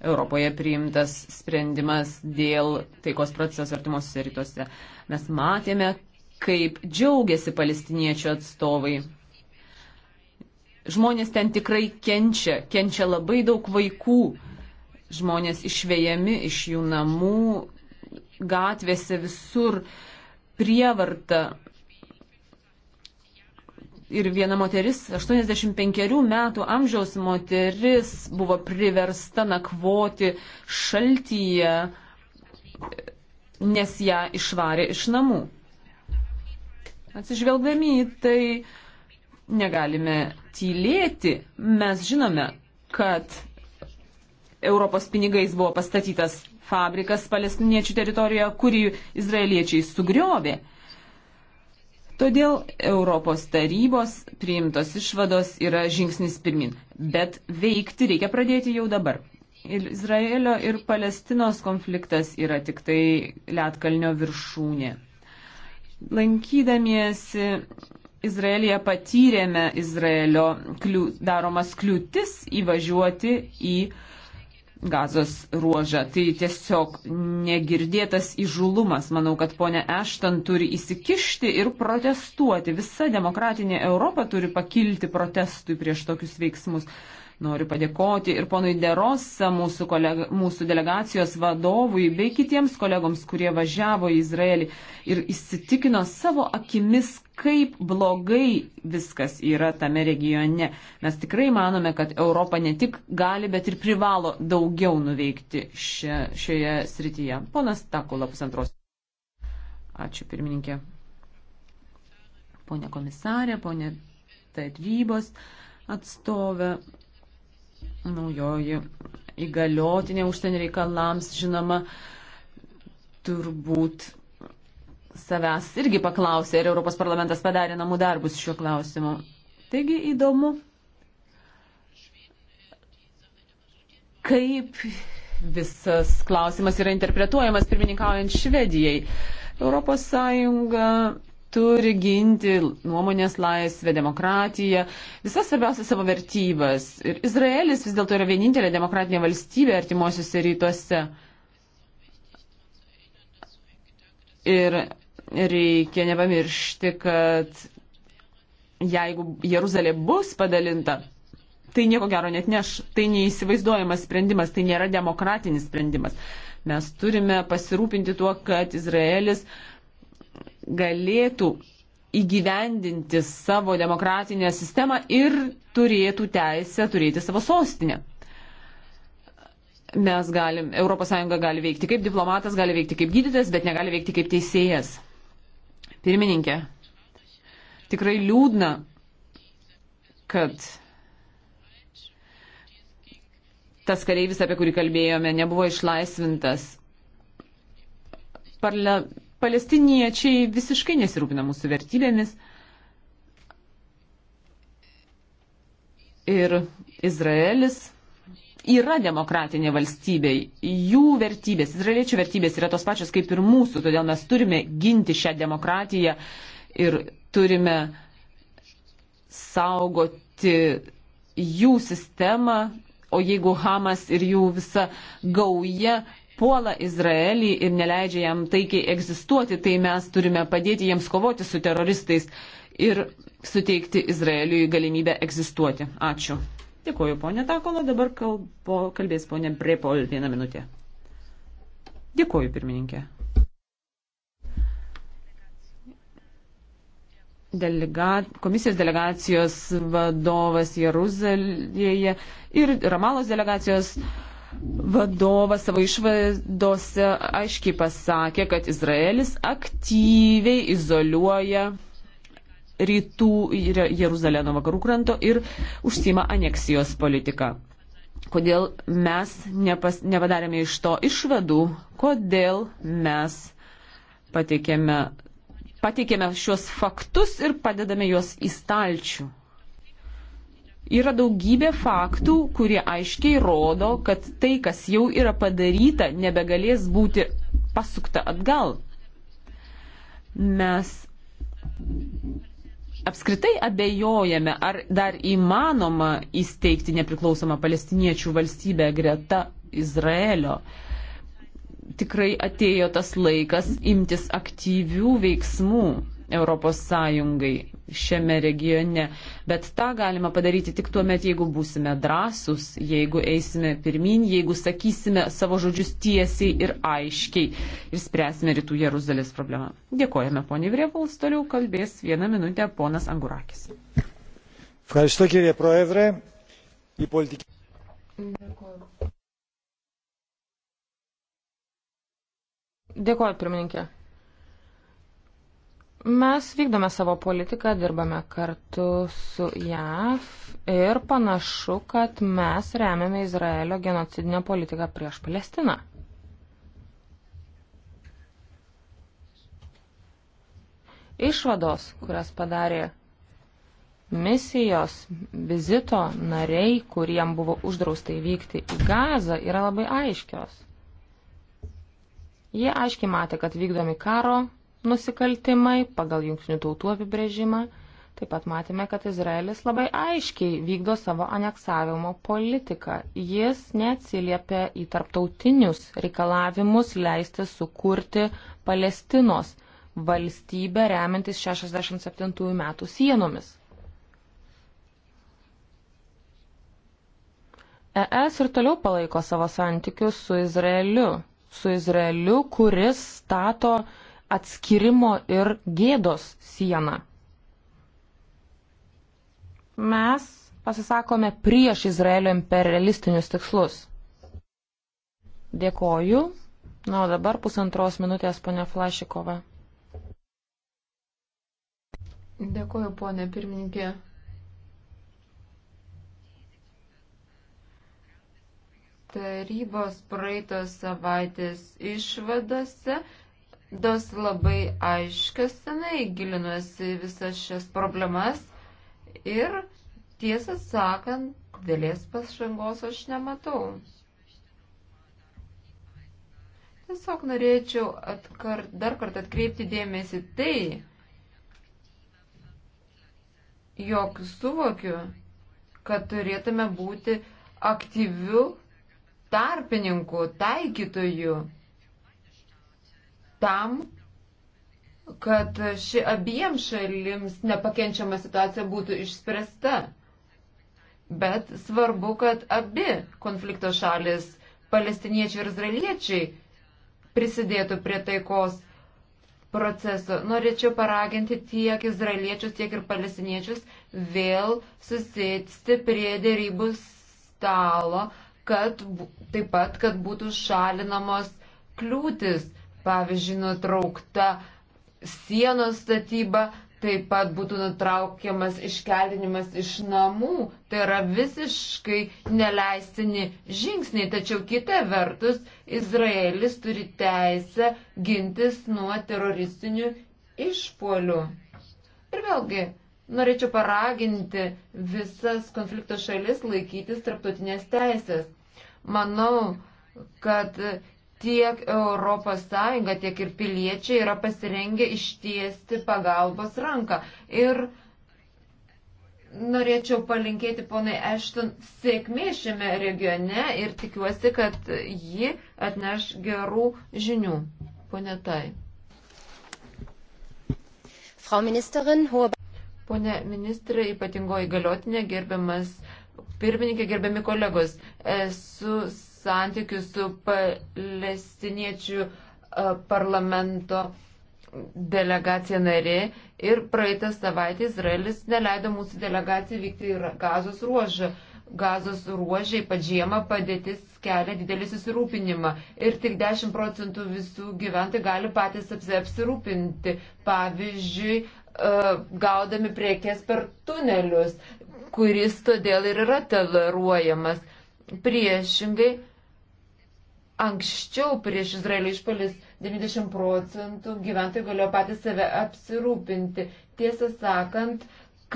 Europoje priimtas sprendimas dėl taikos proceso artimuosiuose rytuose. Mes matėme, kaip džiaugiasi palestiniečių atstovai. Žmonės ten tikrai kenčia, kenčia labai daug vaikų. Žmonės išvėjami iš jų namų, gatvėse visur prievarta. Ir viena moteris, 85 metų amžiaus moteris, buvo priversta nakvoti šaltyje, nes ją išvarė iš namų. Atsižvelgdami į tai negalime tylėti. Mes žinome, kad Europos pinigais buvo pastatytas fabrikas palestiniečių teritorijoje, kurį izraeliečiai sugriovė. Todėl Europos tarybos priimtos išvados yra žingsnis pirmin. Bet veikti reikia pradėti jau dabar. Ir Izraelio ir Palestinos konfliktas yra tik tai Lietkalnio viršūnė. Lankydamiesi Izraelija patyrėme Izraelio kliū, daromas kliūtis įvažiuoti į gazos ruožą. Tai tiesiog negirdėtas įžulumas. Manau, kad ponė Ešton turi įsikišti ir protestuoti. Visa demokratinė Europa turi pakilti protestui prieš tokius veiksmus. Noriu padėkoti ir ponui Derosa, mūsų, kolega, mūsų delegacijos vadovui, bei kitiems kolegoms, kurie važiavo į Izraelį ir įsitikino savo akimis, kaip blogai viskas yra tame regione. Mes tikrai manome, kad Europa ne tik gali, bet ir privalo daugiau nuveikti šia, šioje srityje. Ponas Takula, pusantros. Ačiū, pirmininkė. Pone komisarė, pone tarybos atstovė naujoji įgaliotinė užsienio reikalams, žinoma, turbūt savęs irgi paklausė, ar Europos parlamentas padarė namų darbus šiuo klausimu. Taigi įdomu, kaip visas klausimas yra interpretuojamas pirmininkaujant Švedijai. Europos Sąjunga turi ginti nuomonės laisvę, demokratiją, visas svarbiausias savo vertybas. Ir Izraelis vis dėlto yra vienintelė demokratinė valstybė artimuosiuose rytuose. Ir reikia nepamiršti, kad jeigu Jeruzalė bus padalinta, tai nieko gero net neš, tai neįsivaizduojamas sprendimas, tai nėra demokratinis sprendimas. Mes turime pasirūpinti tuo, kad Izraelis uh, galėtų įgyvendinti savo demokratinę sistemą ir turėtų teisę turėti savo sostinę. Mes galim, ES gali veikti kaip diplomatas, gali veikti kaip gydytojas, bet negali veikti kaip teisėjas. Pirmininkė, tikrai liūdna, kad tas kareivis, apie kurį kalbėjome, nebuvo išlaisvintas. Parle palestiniečiai visiškai nesirūpina mūsų vertybėmis. Ir Izraelis yra demokratinė valstybė, jų vertybės, izraeliečių vertybės yra tos pačios kaip ir mūsų, todėl mes turime ginti šią demokratiją ir turime saugoti jų sistemą, o jeigu Hamas ir jų visa gauja puola Izraelį ir neleidžia jam taikiai egzistuoti, tai mes turime padėti jiems kovoti su teroristais ir suteikti Izraeliui galimybę egzistuoti. Ačiū. Dėkuoju, ponė Takola. Dabar kalbo, kalbės ponė Brepol vieną minutę. Dėkuoju, pirmininkė. delega, komisijos delegacijos vadovas Jeruzalėje ir Ramalos delegacijos uh, vadovas savo išvadose aiškiai pasakė, kad Izraelis aktyviai izoliuoja rytų Jeruzalę nuo vakarų kranto ir užsima aneksijos politiką. Kodėl mes nepas, nepadarėme iš to išvadų, kodėl mes pateikėme, pateikėme šios faktus ir padedame juos į stalčių. Yra daugybė faktų, kurie aiškiai rodo, kad tai, kas jau yra padaryta, nebegalės būti pasukta atgal. Mes apskritai abejojame, ar dar įmanoma įsteigti nepriklausomą palestiniečių valstybę greta Izraelio. Tikrai atėjo tas laikas imtis aktyvių veiksmų. Europos Sąjungai šiame regione. Bet tą galima padaryti tik tuo met, jeigu būsime drąsus, jeigu eisime pirmin, jeigu sakysime savo žodžius tiesiai ir aiškiai ir spręsime rytų Jeruzalės problemą. Dėkojame, ponė Vriepuls, toliau kalbės vieną minutę ponas Angurakis. Ευχαριστώ κύριε Πρόεδρε. Η πολιτική... Dėkuoju, pirmininkė. Mes vykdome savo politiką, dirbame kartu su JAV ir panašu, kad mes remiame Izraelio genocidinę politiką prieš Palestiną. Išvados, kurias padarė misijos vizito nariai, kuriem buvo uždrausta įvykti į Gazą, yra labai aiškios. Jie aiškiai matė, kad vykdomi karo nusikaltimai pagal jungtinių tautų apibrėžimą. Taip pat matėme, kad Izraelis labai aiškiai vykdo savo aneksavimo politiką. Jis neatsiliepia į tarptautinius reikalavimus leisti sukurti Palestinos valstybę remiantis 67 metų sienomis. ES ir toliau palaiko savo santykius su Izraeliu, su Izraeliu, kuris stato uh, atskirimo ir gėdos sieną. Mes pasisakome prieš Izraelio imperialistinius tikslus. Dėkoju. Na, o dabar pusantros minutės, ponia Flašikova. Dėkoju, ponė pirmininkė. Tarybos praeitos savaitės išvadose dos labai aiškios, senai gilinuosi visas šias problemas ir tiesą sakant, dėlės pažangos aš nematau. Tiesiog norėčiau atkar, dar kartą atkreipti dėmesį tai, jog suvokiu, kad turėtume būti aktyvių tarpininkų, taikytojų tam, kad ši abiem šalims nepakenčiama situacija būtų išspręsta. Bet svarbu, kad abi konflikto šalis, palestiniečiai ir izraeliečiai, prisidėtų prie taikos proceso. Norėčiau paraginti tiek izraeliečius, tiek ir palestiniečius vėl susėsti prie dėrybų stalo, kad taip pat, kad būtų šalinamos kliūtis pavyzdžiui, nutraukta sienos statyba, taip pat būtų nutraukiamas iškeldinimas iš namų. Tai yra visiškai neleistini žingsniai. Tačiau kita vertus, Izraelis turi teisę gintis nuo teroristinių išpolių. Ir vėlgi, norėčiau paraginti visas konflikto šalis laikytis tarptautinės teisės. Manau, kad tiek ES, tiek ir piliečiai yra pasirengę ištiesti pagalbos ranką. Ir norėčiau palinkėti ponai Ešton sėkmės šiame regione ir tikiuosi, kad ji atneš gerų žinių. Pone Tai. Frau Ministerin, hohe. Pone ministrė, ypatingoji galiotinė, gerbiamas pirmininkė, gerbiami kolegos, esu santykių su palestiniečių e, parlamento delegacija narė ir praeitą savaitę Izraelis neleido mūsų delegacijai vykti į gazos ruožą. Gazos ruožai pažiemą padėtis kelia didelį susirūpinimą ir tik 10 procentų visų gyventojų gali patys apsirūpinti. Pavyzdžiui, e, gaudami priekės per tunelius, kuris todėl ir yra teleruojamas. Priešingai, Anksčiau prieš Izraelio išpolis 90 procentų gyventojų galėjo patys save apsirūpinti. Tiesą sakant,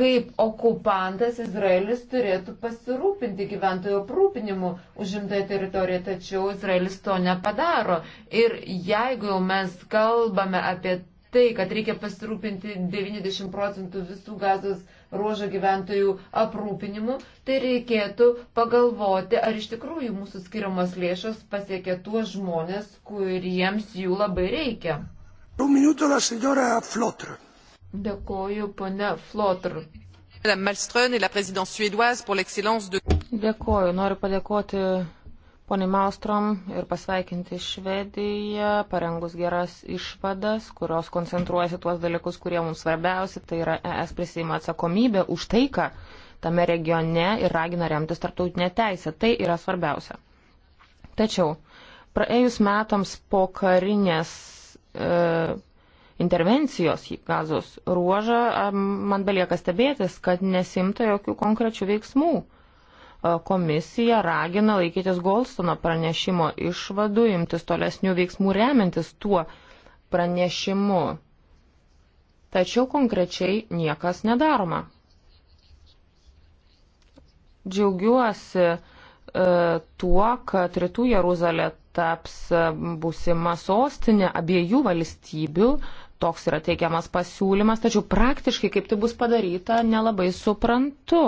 kaip okupantas Izraelis turėtų pasirūpinti gyventojų aprūpinimu užimtoje teritorijoje, tačiau Izraelis to nepadaro. Ir jeigu jau mes kalbame apie tai, kad reikia pasirūpinti 90 procentų visų gazos ruožo gyventojų aprūpinimu, tai reikėtų pagalvoti, ar iš tikrųjų mūsų skiriamos lėšos pasiekia tuos žmonės, kuriems jų labai reikia. Dėkoju, ponia Flotr. Dėkoju, noriu padėkoti poniai Malstrom ir pasveikinti Švediją, parengus geras išvadas, kurios koncentruojasi tuos dalykus, kurie mums svarbiausi, tai yra ES prisima atsakomybė už taiką tame regione ir ragina remtis tarptautinė teisė. Tai yra svarbiausia. Tačiau praėjus metams po karinės e, intervencijos į gazos ruožą man belieka stebėtis, kad nesimta jokių konkrečių veiksmų komisija ragina laikytis Golstono pranešimo išvadų, imtis tolesnių veiksmų remiantis tuo pranešimu. Tačiau konkrečiai niekas nedaroma. Džiaugiuosi e, tuo, kad Rytų Jeruzalė taps e, būsima sostinė abiejų valstybių, toks yra teikiamas pasiūlymas, tačiau praktiškai kaip tai bus padaryta, nelabai suprantu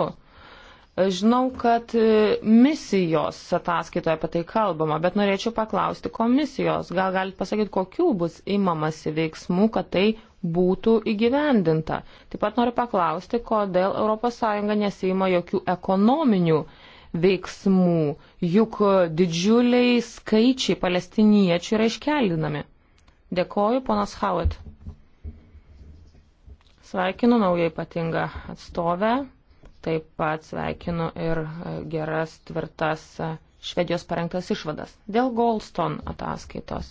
Žinau, kad e, misijos ataskaitoje apie tai kalbama, bet norėčiau paklausti komisijos. Gal galite pasakyti, kokių bus imamasi veiksmų, kad tai būtų įgyvendinta. Taip pat noriu paklausti, kodėl ES nesima jokių ekonominių veiksmų, juk didžiuliai skaičiai palestiniečių yra iškeldinami. Dėkoju, ponas Howitt. Sveikinu naują ypatingą atstovę. Taip pat sveikinu ir e, geras, tvirtas e, Švedijos parengtas išvadas. Dėl Goldstone ataskaitos.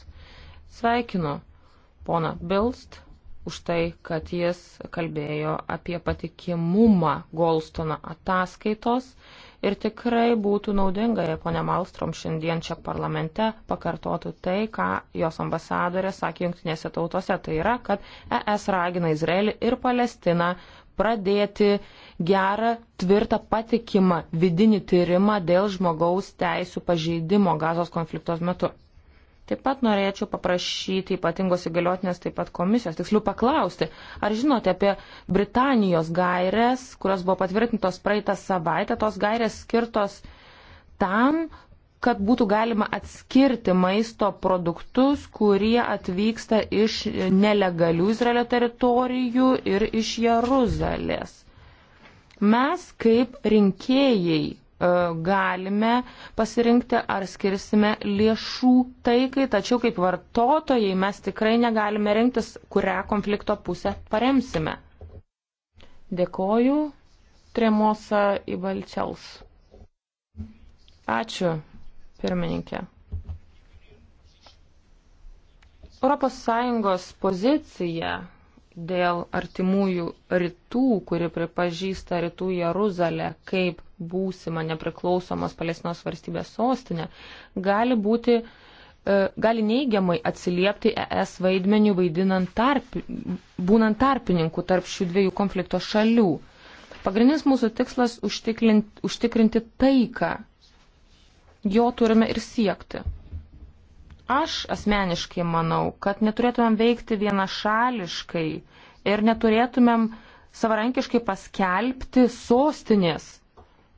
Sveikinu pona Bilst už tai, kad jis kalbėjo apie patikimumą Goldstone ataskaitos ir tikrai būtų naudinga, jei ponia Malstrom šiandien čia parlamente pakartotų tai, ką jos ambasadorė sakė jungtinėse tautose, tai yra, kad ES ragina Izraelį ir Palestiną pradėti gerą, tvirtą, patikimą vidinį tyrimą dėl žmogaus teisų pažeidimo gazos konfliktos metu. Taip pat norėčiau paprašyti ypatingos įgaliotinės, taip pat komisijos, tiksliau paklausti, ar žinote apie Britanijos gairės, kurios buvo patvirtintos praeitą savaitę, tos gairės skirtos tam, kad būtų galima atskirti maisto produktus, kurie atvyksta iš nelegalių Izraelio teritorijų ir iš Jeruzalės. Mes kaip rinkėjai e, galime pasirinkti, ar skirsime lėšų taikai, tačiau kaip vartotojai mes tikrai negalime rinktis, kurią konflikto pusę paremsime. Dėkoju. Tremosa Ibalčels. Ačiū, pirmininkė. ES pozicija dėl artimųjų rytų, kuri pripažįsta rytų Jeruzalę kaip būsimą nepriklausomos Palestinos valstybės sostinę, gali būti e, gali neigiamai atsiliepti ES vaidmeniu tarp, būnant tarpininku tarp šių dviejų konflikto šalių. Pagrindinis mūsų tikslas užtikrinti taiką jo turime ir siekti. Aš asmeniškai manau, kad neturėtumėm veikti vienašališkai ir neturėtumėm savarankiškai paskelbti sostinės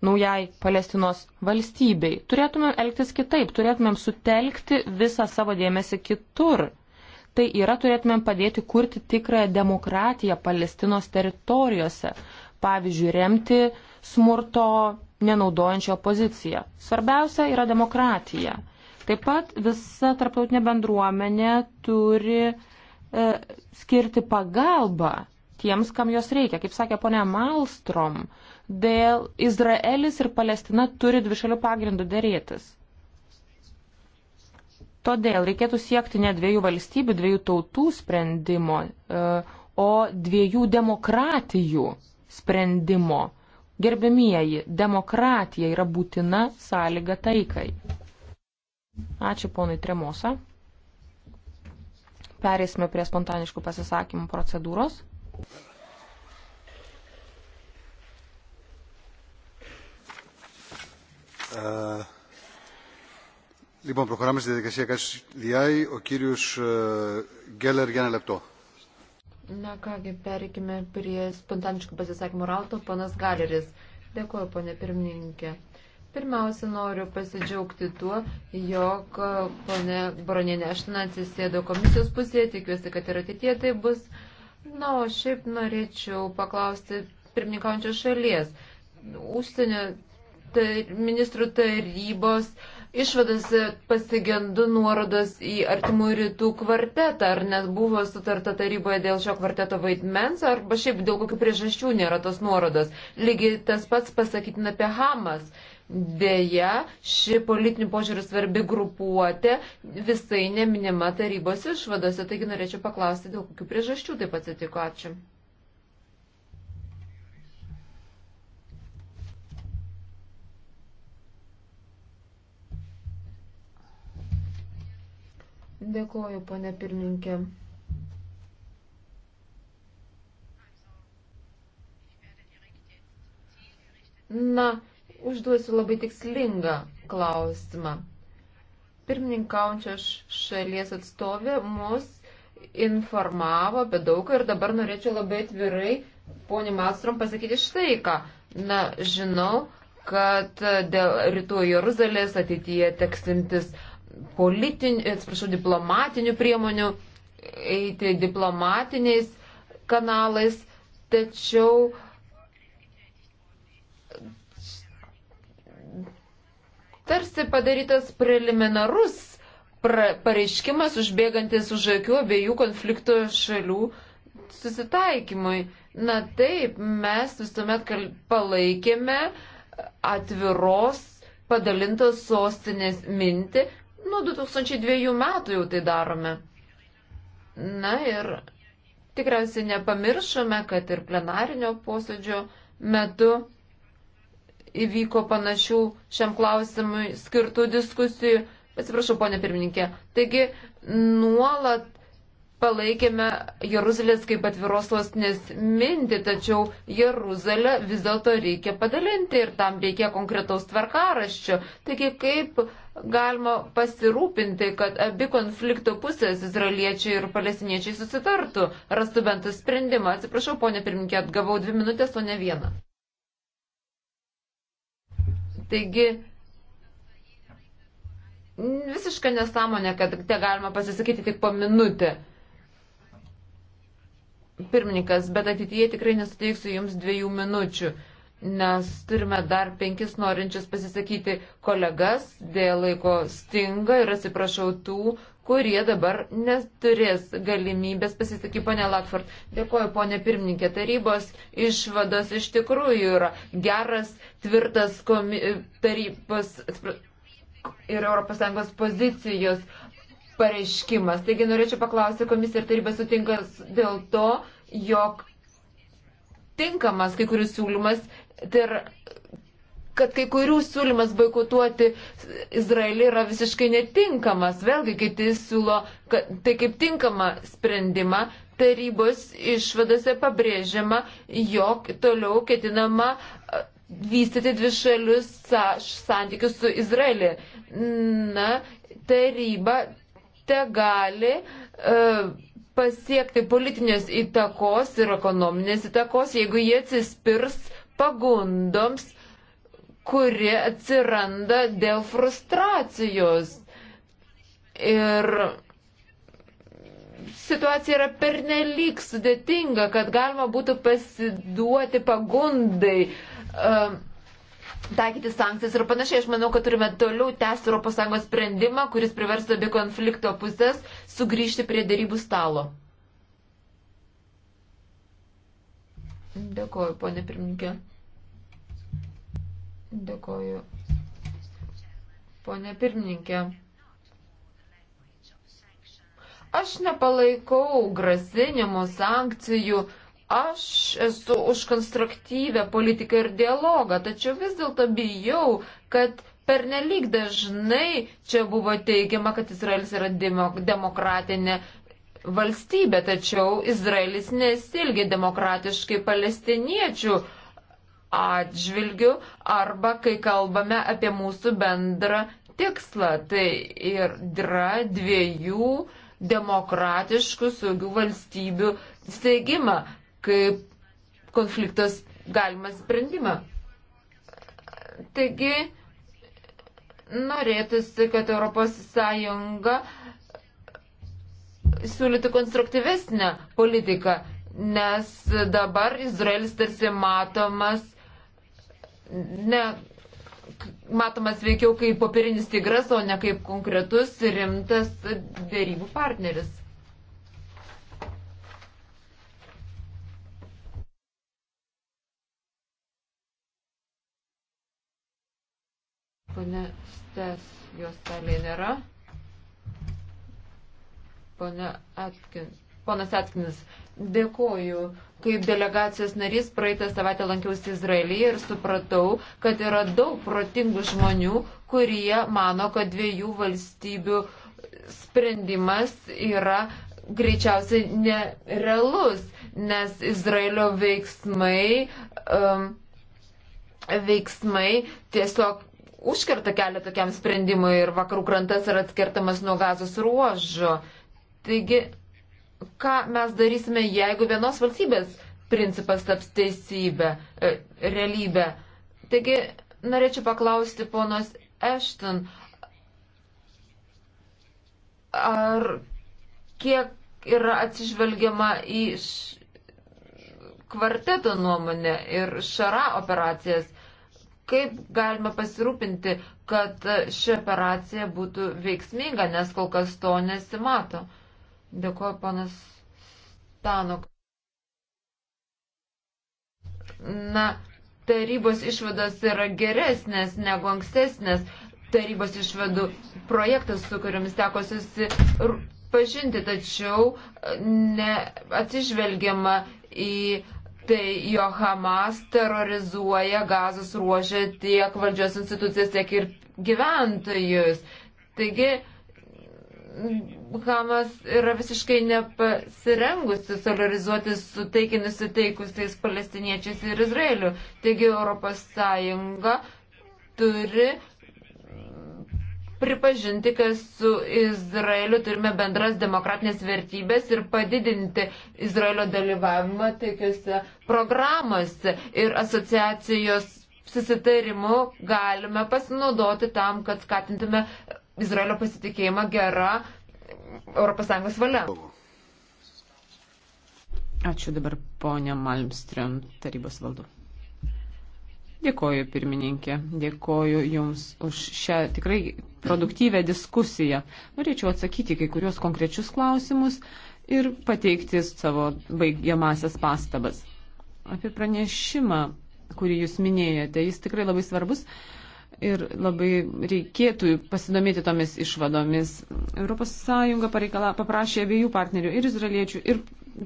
naujai Palestinos valstybei. Turėtumėm elgtis kitaip, turėtumėm sutelkti visą savo dėmesį kitur. Tai yra, turėtumėm padėti kurti tikrąją demokratiją Palestinos teritorijose. Pavyzdžiui, remti smurto nenaudojančio poziciją. Svarbiausia yra demokratija. Taip pat visa tarptautinė bendruomenė turi e, skirti pagalbą tiems, kam jos reikia. Kaip sakė ponia Malstrom, dėl Izraelis ir Palestina turi dvišalių pagrindų dėrėtis. Todėl reikėtų siekti ne dviejų valstybių, dviejų tautų sprendimo, e, o dviejų demokratijų sprendimo. Gerbėmieji, demokratija yra būtina sąlyga taikai. Ačiū ponui Tremosa. Perėsime prie spontaniškų pasisakymų procedūros. Uh, λοιπόν, προχωράμε στη διαδικασία Catch the Eye. Ο κύριος Γκέλλερ για ένα λεπτό. Na kągi, perikime prie spontaniškų pasisakymų rauto, panas Galeris. Dėkuoju, ponė pirmininkė. Pirmiausia, noriu pasidžiaugti tuo, jog e, ponė Bronėnė Aština atsisėdo komisijos pusėje, tikiuosi, kad ir ateitie tai bus. Na, o šiaip norėčiau paklausti pirmininkaujančios šalies. Užsienio tar, ministrų tarybos uh, išvadose pasigendu nuorodos į artimų rytų kvartetą, ar net buvo sutarta taryboje dėl šio kvarteto vaidmens, arba šiaip dėl kokių priežasčių nėra tos nuorodos. Lygiai tas pats pasakytina apie Hamas. Deja, ši politinių požiūrių svarbi grupuotė visai neminima tarybos išvadose, taigi norėčiau paklausti, dėl kokių priežasčių taip atsitiko. Ačiū. Dėkoju, ponė pirmininkė. Na, užduosiu labai tikslingą klausimą. Pirmininkaujančios šalies atstovė mus informavo apie daugą ir dabar norėčiau labai atvirai poniai Malstrom pasakyti štai ką. Na, žinau, kad dėl rytų Jeruzalės ateityje teksintis politinių, atsiprašau, diplomatinių priemonių, eiti diplomatiniais kanalais, tačiau tarsi padarytas preliminarus pra, pareiškimas užbėgantis už akių abiejų konfliktų šalių susitaikymui. Na taip, mes visuomet palaikėme atviros padalintos sostinės mintį, Nuo 2002 metų jau tai darome. Na ir tikriausiai nepamiršome, kad ir plenarinio posėdžio metu įvyko panašių šiam klausimui skirtų diskusijų. Atsiprašau, ponė pirmininkė. Taigi nuolat palaikėme Jeruzalės kaip atviros sostinės mintį, tačiau Jeruzalę vis dėlto reikia padalinti ir tam reikia konkretaus tvarkaraščio. Taigi kaip galima pasirūpinti, kad abi konflikto pusės, izraeliečiai ir palestiniečiai, susitartų, rastų bent sprendimą. Atsiprašau, ponė pirminkė, atgavau dvi minutės, o ne vieną. Taigi, visiška nesąmonė, kad te galima pasisakyti tik po minutę pirmininkas, bet ateityje tikrai nesuteiksiu jums dviejų minučių, nes turime dar penkis norinčius pasisakyti kolegas, dėl laiko stinga ir atsiprašau tų, kurie dabar neturės galimybės pasisakyti, ponė Latford. Dėkoju, ponė pirmininkė, tarybos išvados iš tikrųjų yra geras, tvirtas komi, tarybos ir ES pozicijos pareiškimas. Taigi norėčiau paklausti, komisija ir taryba sutinka dėl to, jog tinkamas kai kurių siūlymas, tai yra, kad kai kurių siūlymas boikotuoti Izraelį yra visiškai netinkamas. Vėlgi kiti tai siūlo, kad tai kaip tinkama sprendima. Tarybos išvadose pabrėžiama, jog toliau ketinama vystyti dvi šalius santykius su Izraelį. Na, taryba te gali uh, pasiekti politinės įtakos ir ekonominės įtakos, jeigu jie atsispirs pagundoms, kuri atsiranda dėl frustracijos. Ir situacija yra pernelyg sudėtinga, kad galima būtų pasiduoti pagundai. Uh, taikyti sankcijas ir panašiai. Aš manau, kad turime toliau tęsti ES sprendimą, kuris priverstų abi konflikto pusės sugrįžti prie dėrybų stalo. Dėkoju, ponė pirmininkė. Dėkoju. Pone pirmininkė. Aš nepalaikau grasinimų, sankcijų. Aš esu už konstruktyvę politiką ir dialogą, tačiau vis dėlto bijau, kad pernelyg dažnai čia buvo teigiama, kad Izraelis yra demokratinė valstybė, tačiau Izraelis nesilgia demokratiškai palestiniečių atžvilgių arba kai kalbame apie mūsų bendrą tikslą. Tai yra dviejų demokratiškų saugių valstybių steigimą kaip konfliktos galimą sprendimą. Taigi, norėtųsi, kad ES siūlytų konstruktyvesnę politiką, nes dabar Izraelis tarsi matomas, ne, matomas veikiau kaip popierinis tigras, o ne kaip konkretus rimtas dėrybų partneris. Pone Stes, jos salėje nėra. Pone Atkin. Ponas Atkinis, dėkoju. Kaip delegacijos narys praeitą savaitę lankiausi Izraelyje ir supratau, kad yra daug protingų žmonių, kurie mano, kad dviejų valstybių sprendimas yra greičiausiai nerealus, nes Izraelio veiksmai, um, veiksmai tiesiog užkerta kelią tokiam sprendimui ir vakarų krantas yra atskirtamas nuo gazos ruožo. Taigi, ką mes darysime, jeigu vienos valstybės principas taps teisybė, e, realybė. Taigi, norėčiau paklausti ponos Ešton, ar kiek yra atsižvelgiama į kvarteto nuomonę ir šara operacijas, Kaip galime pasirūpinti, kad ši operacija būtų veiksminga, nes kol kas to nesimato. Dėkuoju, panas Tanuk. Na, tarybos išvados yra geresnės negu ankstesnės tarybos išvadų projektas, su kuriamis teko susipažinti, tačiau neatsižvelgiama į tai jo Hamas terrorizuoja gazos ruožę tiek valdžios institucijas, tiek ir gyventojus. Taigi Hamas yra visiškai nepasirengusi solidarizuoti su taikiai nusiteikusiais palestiniečiais ir Izraeliu. Taigi ES turi pripažinti, kad su Izraeliu turime bendras demokratinės vertybės ir padidinti Izraelio dalyvavimą taikiuose programuose ir asociacijos susitarimu galime pasinaudoti tam, kad skatintume Izraelio pasitikėjimą gerą ES valia. Ačiū dabar ponia Malmström tarybos valdu. Dėkoju pirmininkė, dėkoju Jums už šią tikrai produktyvę diskusiją. Norėčiau atsakyti kai kurios konkrečius klausimus ir pateikti savo baigiamasias pastabas. Apie pranešimą, kurį Jūs minėjote, jis tikrai labai svarbus ir labai reikėtų pasidomėti tomis išvadomis. ES pareikala, paprašė abiejų partnerių ir izraeliečių, ir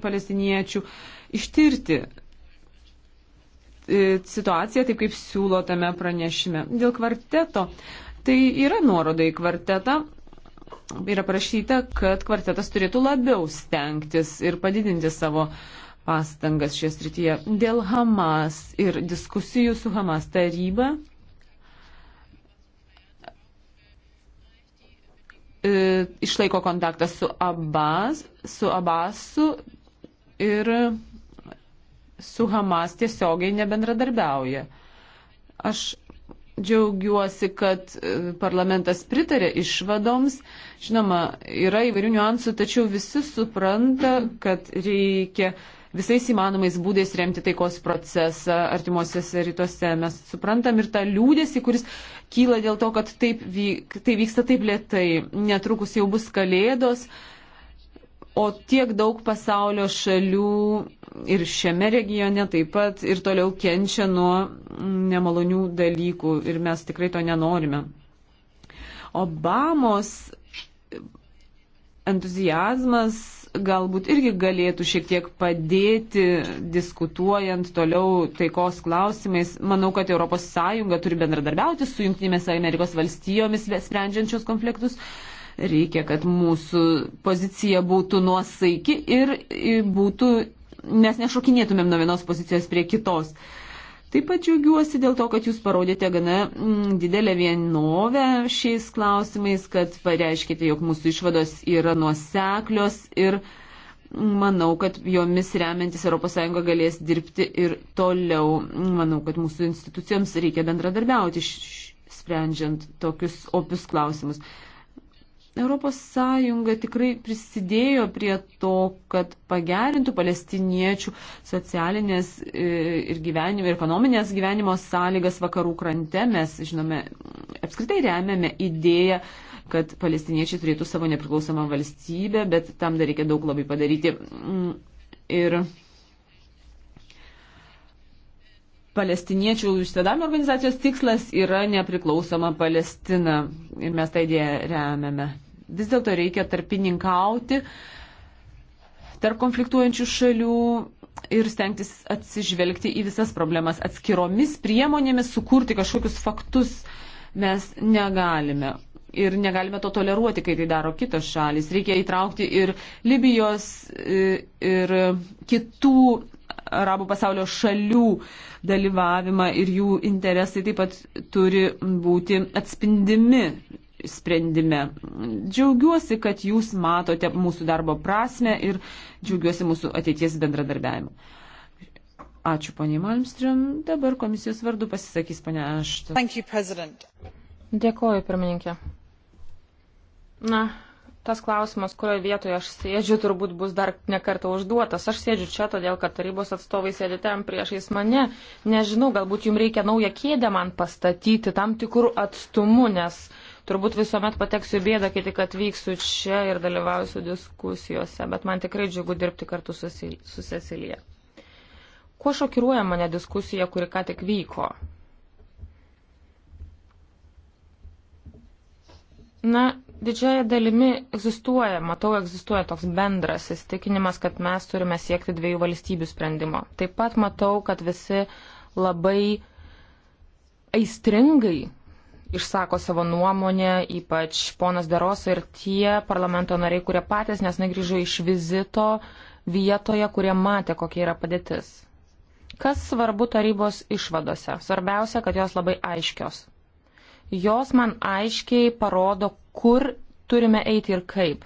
palestiniečių ištirti E, situaciją, taip kaip siūlo tame pranešime. Dėl kvarteto, tai yra nuoroda į kvartetą. Yra prašyta, kad kvartetas turėtų labiau stengtis ir padidinti savo pastangas šioje srityje. Dėl Hamas ir diskusijų su Hamas taryba e, išlaiko kontaktą su Abbas, su Abbasu ir su Hamas tiesiogiai nebendradarbiauja. Aš džiaugiuosi, kad e, parlamentas pritarė išvadoms. Žinoma, yra įvairių niuansų, tačiau visi supranta, kad reikia visais įmanomais būdais remti taikos procesą artimuosiuose rytuose. Mes suprantam ir tą liūdėsi, kuris kyla dėl to, kad taip vyk, tai vyksta taip lietai. Netrukus jau bus kalėdos, o tiek daug pasaulio šalių ir šiame regione taip pat ir toliau kenčia nuo nemalonių dalykų ir mes tikrai to nenorime. Obamos entuzijazmas galbūt irgi galėtų šiek tiek padėti diskutuojant toliau taikos klausimais. Manau, kad ES turi bendradarbiauti su Junktinėmis Amerikos valstijomis, sprendžiančios konfliktus. Uh, Reikia, kad mūsų pozicija būtų nuosaiki ir būtų, mes nešokinėtumėm nuo vienos pozicijos prie kitos. Taip pat džiaugiuosi dėl to, kad jūs parodėte gana mm, didelę vienovę šiais klausimais, kad pareiškite, jog mūsų išvados yra nuoseklios ir mm, manau, kad jomis remiantis ES galės dirbti ir toliau. Manau, kad mūsų institucijoms reikia bendradarbiauti, sprendžiant tokius opius klausimus. ES tikrai prisidėjo prie to, kad pagerintų palestiniečių socialinės e, ir, gyvenimo, ir ekonominės gyvenimo sąlygas vakarų krante. Mes, žinome, apskritai remiame idėją, kad palestiniečiai turėtų savo nepriklausomą valstybę, bet tam dar reikia daug labai padaryti. Mm, ir palestiniečių išsvedavimo organizacijos tikslas yra nepriklausoma Palestina ir mes tą idėją remiame. Vis dėlto reikia tarpininkauti tarp konfliktuojančių šalių ir stengtis atsižvelgti į visas problemas atskiromis priemonėmis, sukurti kažkokius faktus mes negalime. Ir negalime to toleruoti, kai tai daro kitos šalis. Reikia įtraukti ir Libijos, e, ir kitų arabų pasaulio šalių dalyvavimą ir jų interesai taip pat turi būti atspindimi sprendime. Džiaugiuosi, kad jūs matote mūsų darbo prasme ir džiaugiuosi mūsų ateities bendradarbiavimu. Ačiū, ponė Malmström. Dabar komisijos vardu pasisakys ponė Aštas. Dėkoju, pirmininkė. Na, tas klausimas, kurioje vietoje aš sėdžiu, turbūt bus dar nekarta užduotas. Aš sėdžiu čia, todėl kad tarybos atstovai sėdi ten priešais mane. Nežinau, galbūt jums reikia naują kėdę man pastatyti tam tikrų atstumų, nes turbūt visuomet pateksiu bėdą, kai tik atvyksiu čia ir dalyvausiu diskusijose. Bet man tikrai džiugu dirbti kartu su Cecilija. Kuo šokiruoja mane diskusija, kuri ką tik vyko? Na, didžiaja dalimi egzistuoja, matau, egzistuoja toks bendras įstikinimas, kad mes turime siekti dviejų valstybių sprendimo. Taip pat matau, kad visi labai aistringai išsako savo nuomonę, ypač ponas Daros ir tie parlamento nariai, kurie patys nesnai grįžo iš vizito vietoje, kurie matė, kokia yra padėtis. Kas svarbu tarybos išvadose? Svarbiausia, kad jos labai aiškios. Jos man aiškiai parodo, kur turime eiti ir kaip.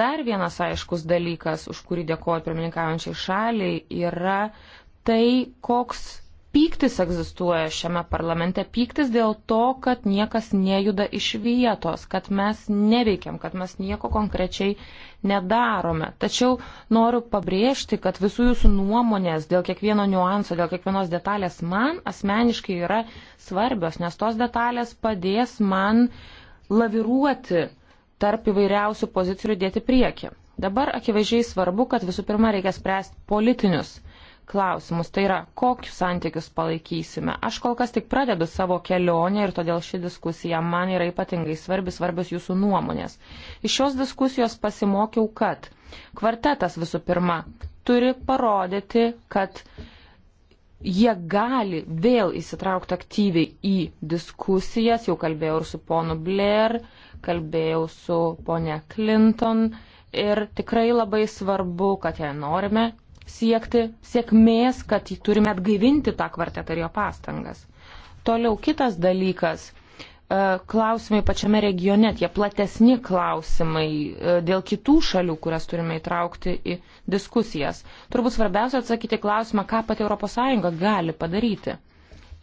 Dar vienas aiškus dalykas, už kurį dėkoju pirmininkaujančiai šaliai, yra tai, koks pyktis egzistuoja šiame parlamente, pyktis dėl to, kad niekas nejuda iš vietos, kad mes neveikiam, kad mes nieko konkrečiai nedarome. Tačiau noriu pabrėžti, kad visų jūsų nuomonės dėl kiekvieno niuanso, dėl kiekvienos detalės man asmeniškai yra svarbios, nes tos detalės padės man laviruoti tarp įvairiausių pozicijų ir dėti priekį. Dabar akivaizdžiai svarbu, kad visų pirma reikia spręsti politinius klausimus. Tai yra, kokius santykius palaikysime. Aš kol kas tik pradedu savo kelionę ir todėl ši diskusija man yra ypatingai svarbi, svarbios jūsų nuomonės. Iš šios diskusijos pasimokiau, kad kvartetas visų pirma turi parodyti, kad jie gali vėl įsitraukti aktyviai į diskusijas. Jau kalbėjau ir su ponu Blair, kalbėjau su ponė Clinton. Ir tikrai labai svarbu, kad jei norime siekti sėkmės, kad turime atgaivinti tą kvartetą ir jo pastangas. Toliau kitas dalykas e, klausimai pačiame regione, tie platesni klausimai e, dėl kitų šalių, kurias turime įtraukti į diskusijas. Turbūt svarbiausia atsakyti klausimą, ką pati ES gali padaryti.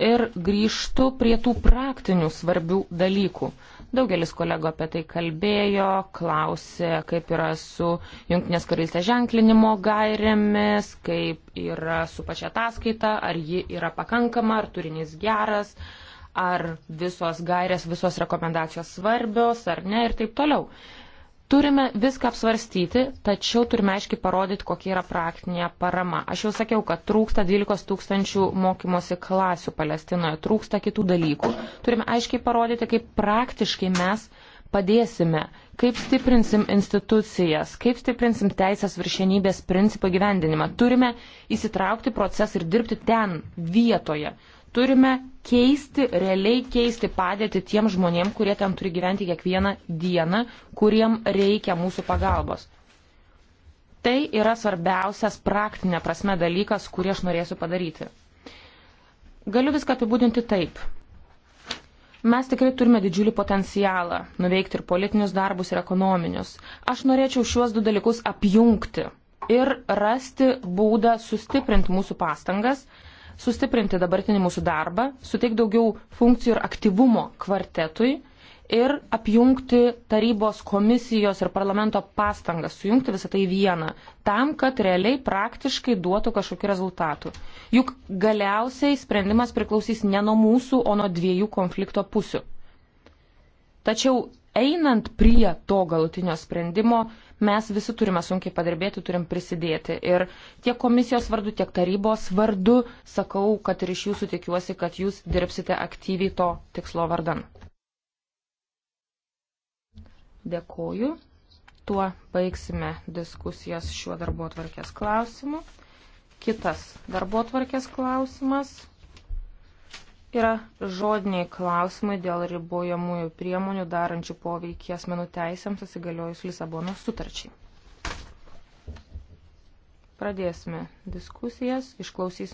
Ir grįžtu prie tų praktinių svarbių dalykų. Daugelis kolego apie tai kalbėjo, klausė, kaip yra su Junktinės karalystės ženklinimo gairėmis, kaip yra su pačia ataskaita, ar ji yra pakankama, ar turinys geras, ar visos gairės, visos rekomendacijos svarbios, ar ne ir taip toliau. Turime viską apsvarstyti, tačiau turime aiškiai parodyti, kokia yra praktinė parama. Aš jau sakiau, kad trūksta 12 tūkstančių mokymosi klasių Palestinoje, trūksta kitų dalykų. Turime aiškiai parodyti, kaip praktiškai mes padėsime, kaip stiprinsim institucijas, kaip stiprinsim teisės viršenybės principą gyvendinimą. Turime įsitraukti procesą ir dirbti ten, vietoje. Turime keisti, realiai keisti padėti tiem žmonėm, kurie ten turi gyventi kiekvieną dieną, kuriem reikia mūsų pagalbos. Tai yra svarbiausias praktinė prasme dalykas, kurį aš norėsiu padaryti. Galiu viską apibūdinti taip. Mes tikrai turime didžiulį potencialą nuveikti ir politinius darbus, ir ekonominius. Aš norėčiau šiuos du dalykus apjungti ir rasti būdą sustiprinti mūsų pastangas sustiprinti dabartinį mūsų darbą, suteikti daugiau funkcijų ir aktyvumo kvartetui ir apjungti tarybos komisijos ir parlamento pastangas, sujungti visą tai vieną, tam, kad realiai praktiškai duotų kažkokių rezultatų. Juk galiausiai sprendimas priklausys ne nuo mūsų, o nuo dviejų konflikto pusių. Tačiau einant prie to galutinio sprendimo, mes visi turime sunkiai padirbėti, turim prisidėti. Ir tiek komisijos vardu, tiek tarybos vardu sakau, kad ir iš jūsų tikiuosi, kad jūs dirbsite aktyviai to tikslo vardan. Dėkoju. Tuo baigsime diskusijas šiuo darbo atvarkės klausimu. Kitas darbo atvarkės klausimas yra žodiniai klausimai dėl ribojamųjų priemonių darančių poveikį asmenų teisėms įsigaliojus Lisabono sutarčiai. Pradėsime diskusijas, išklausysime.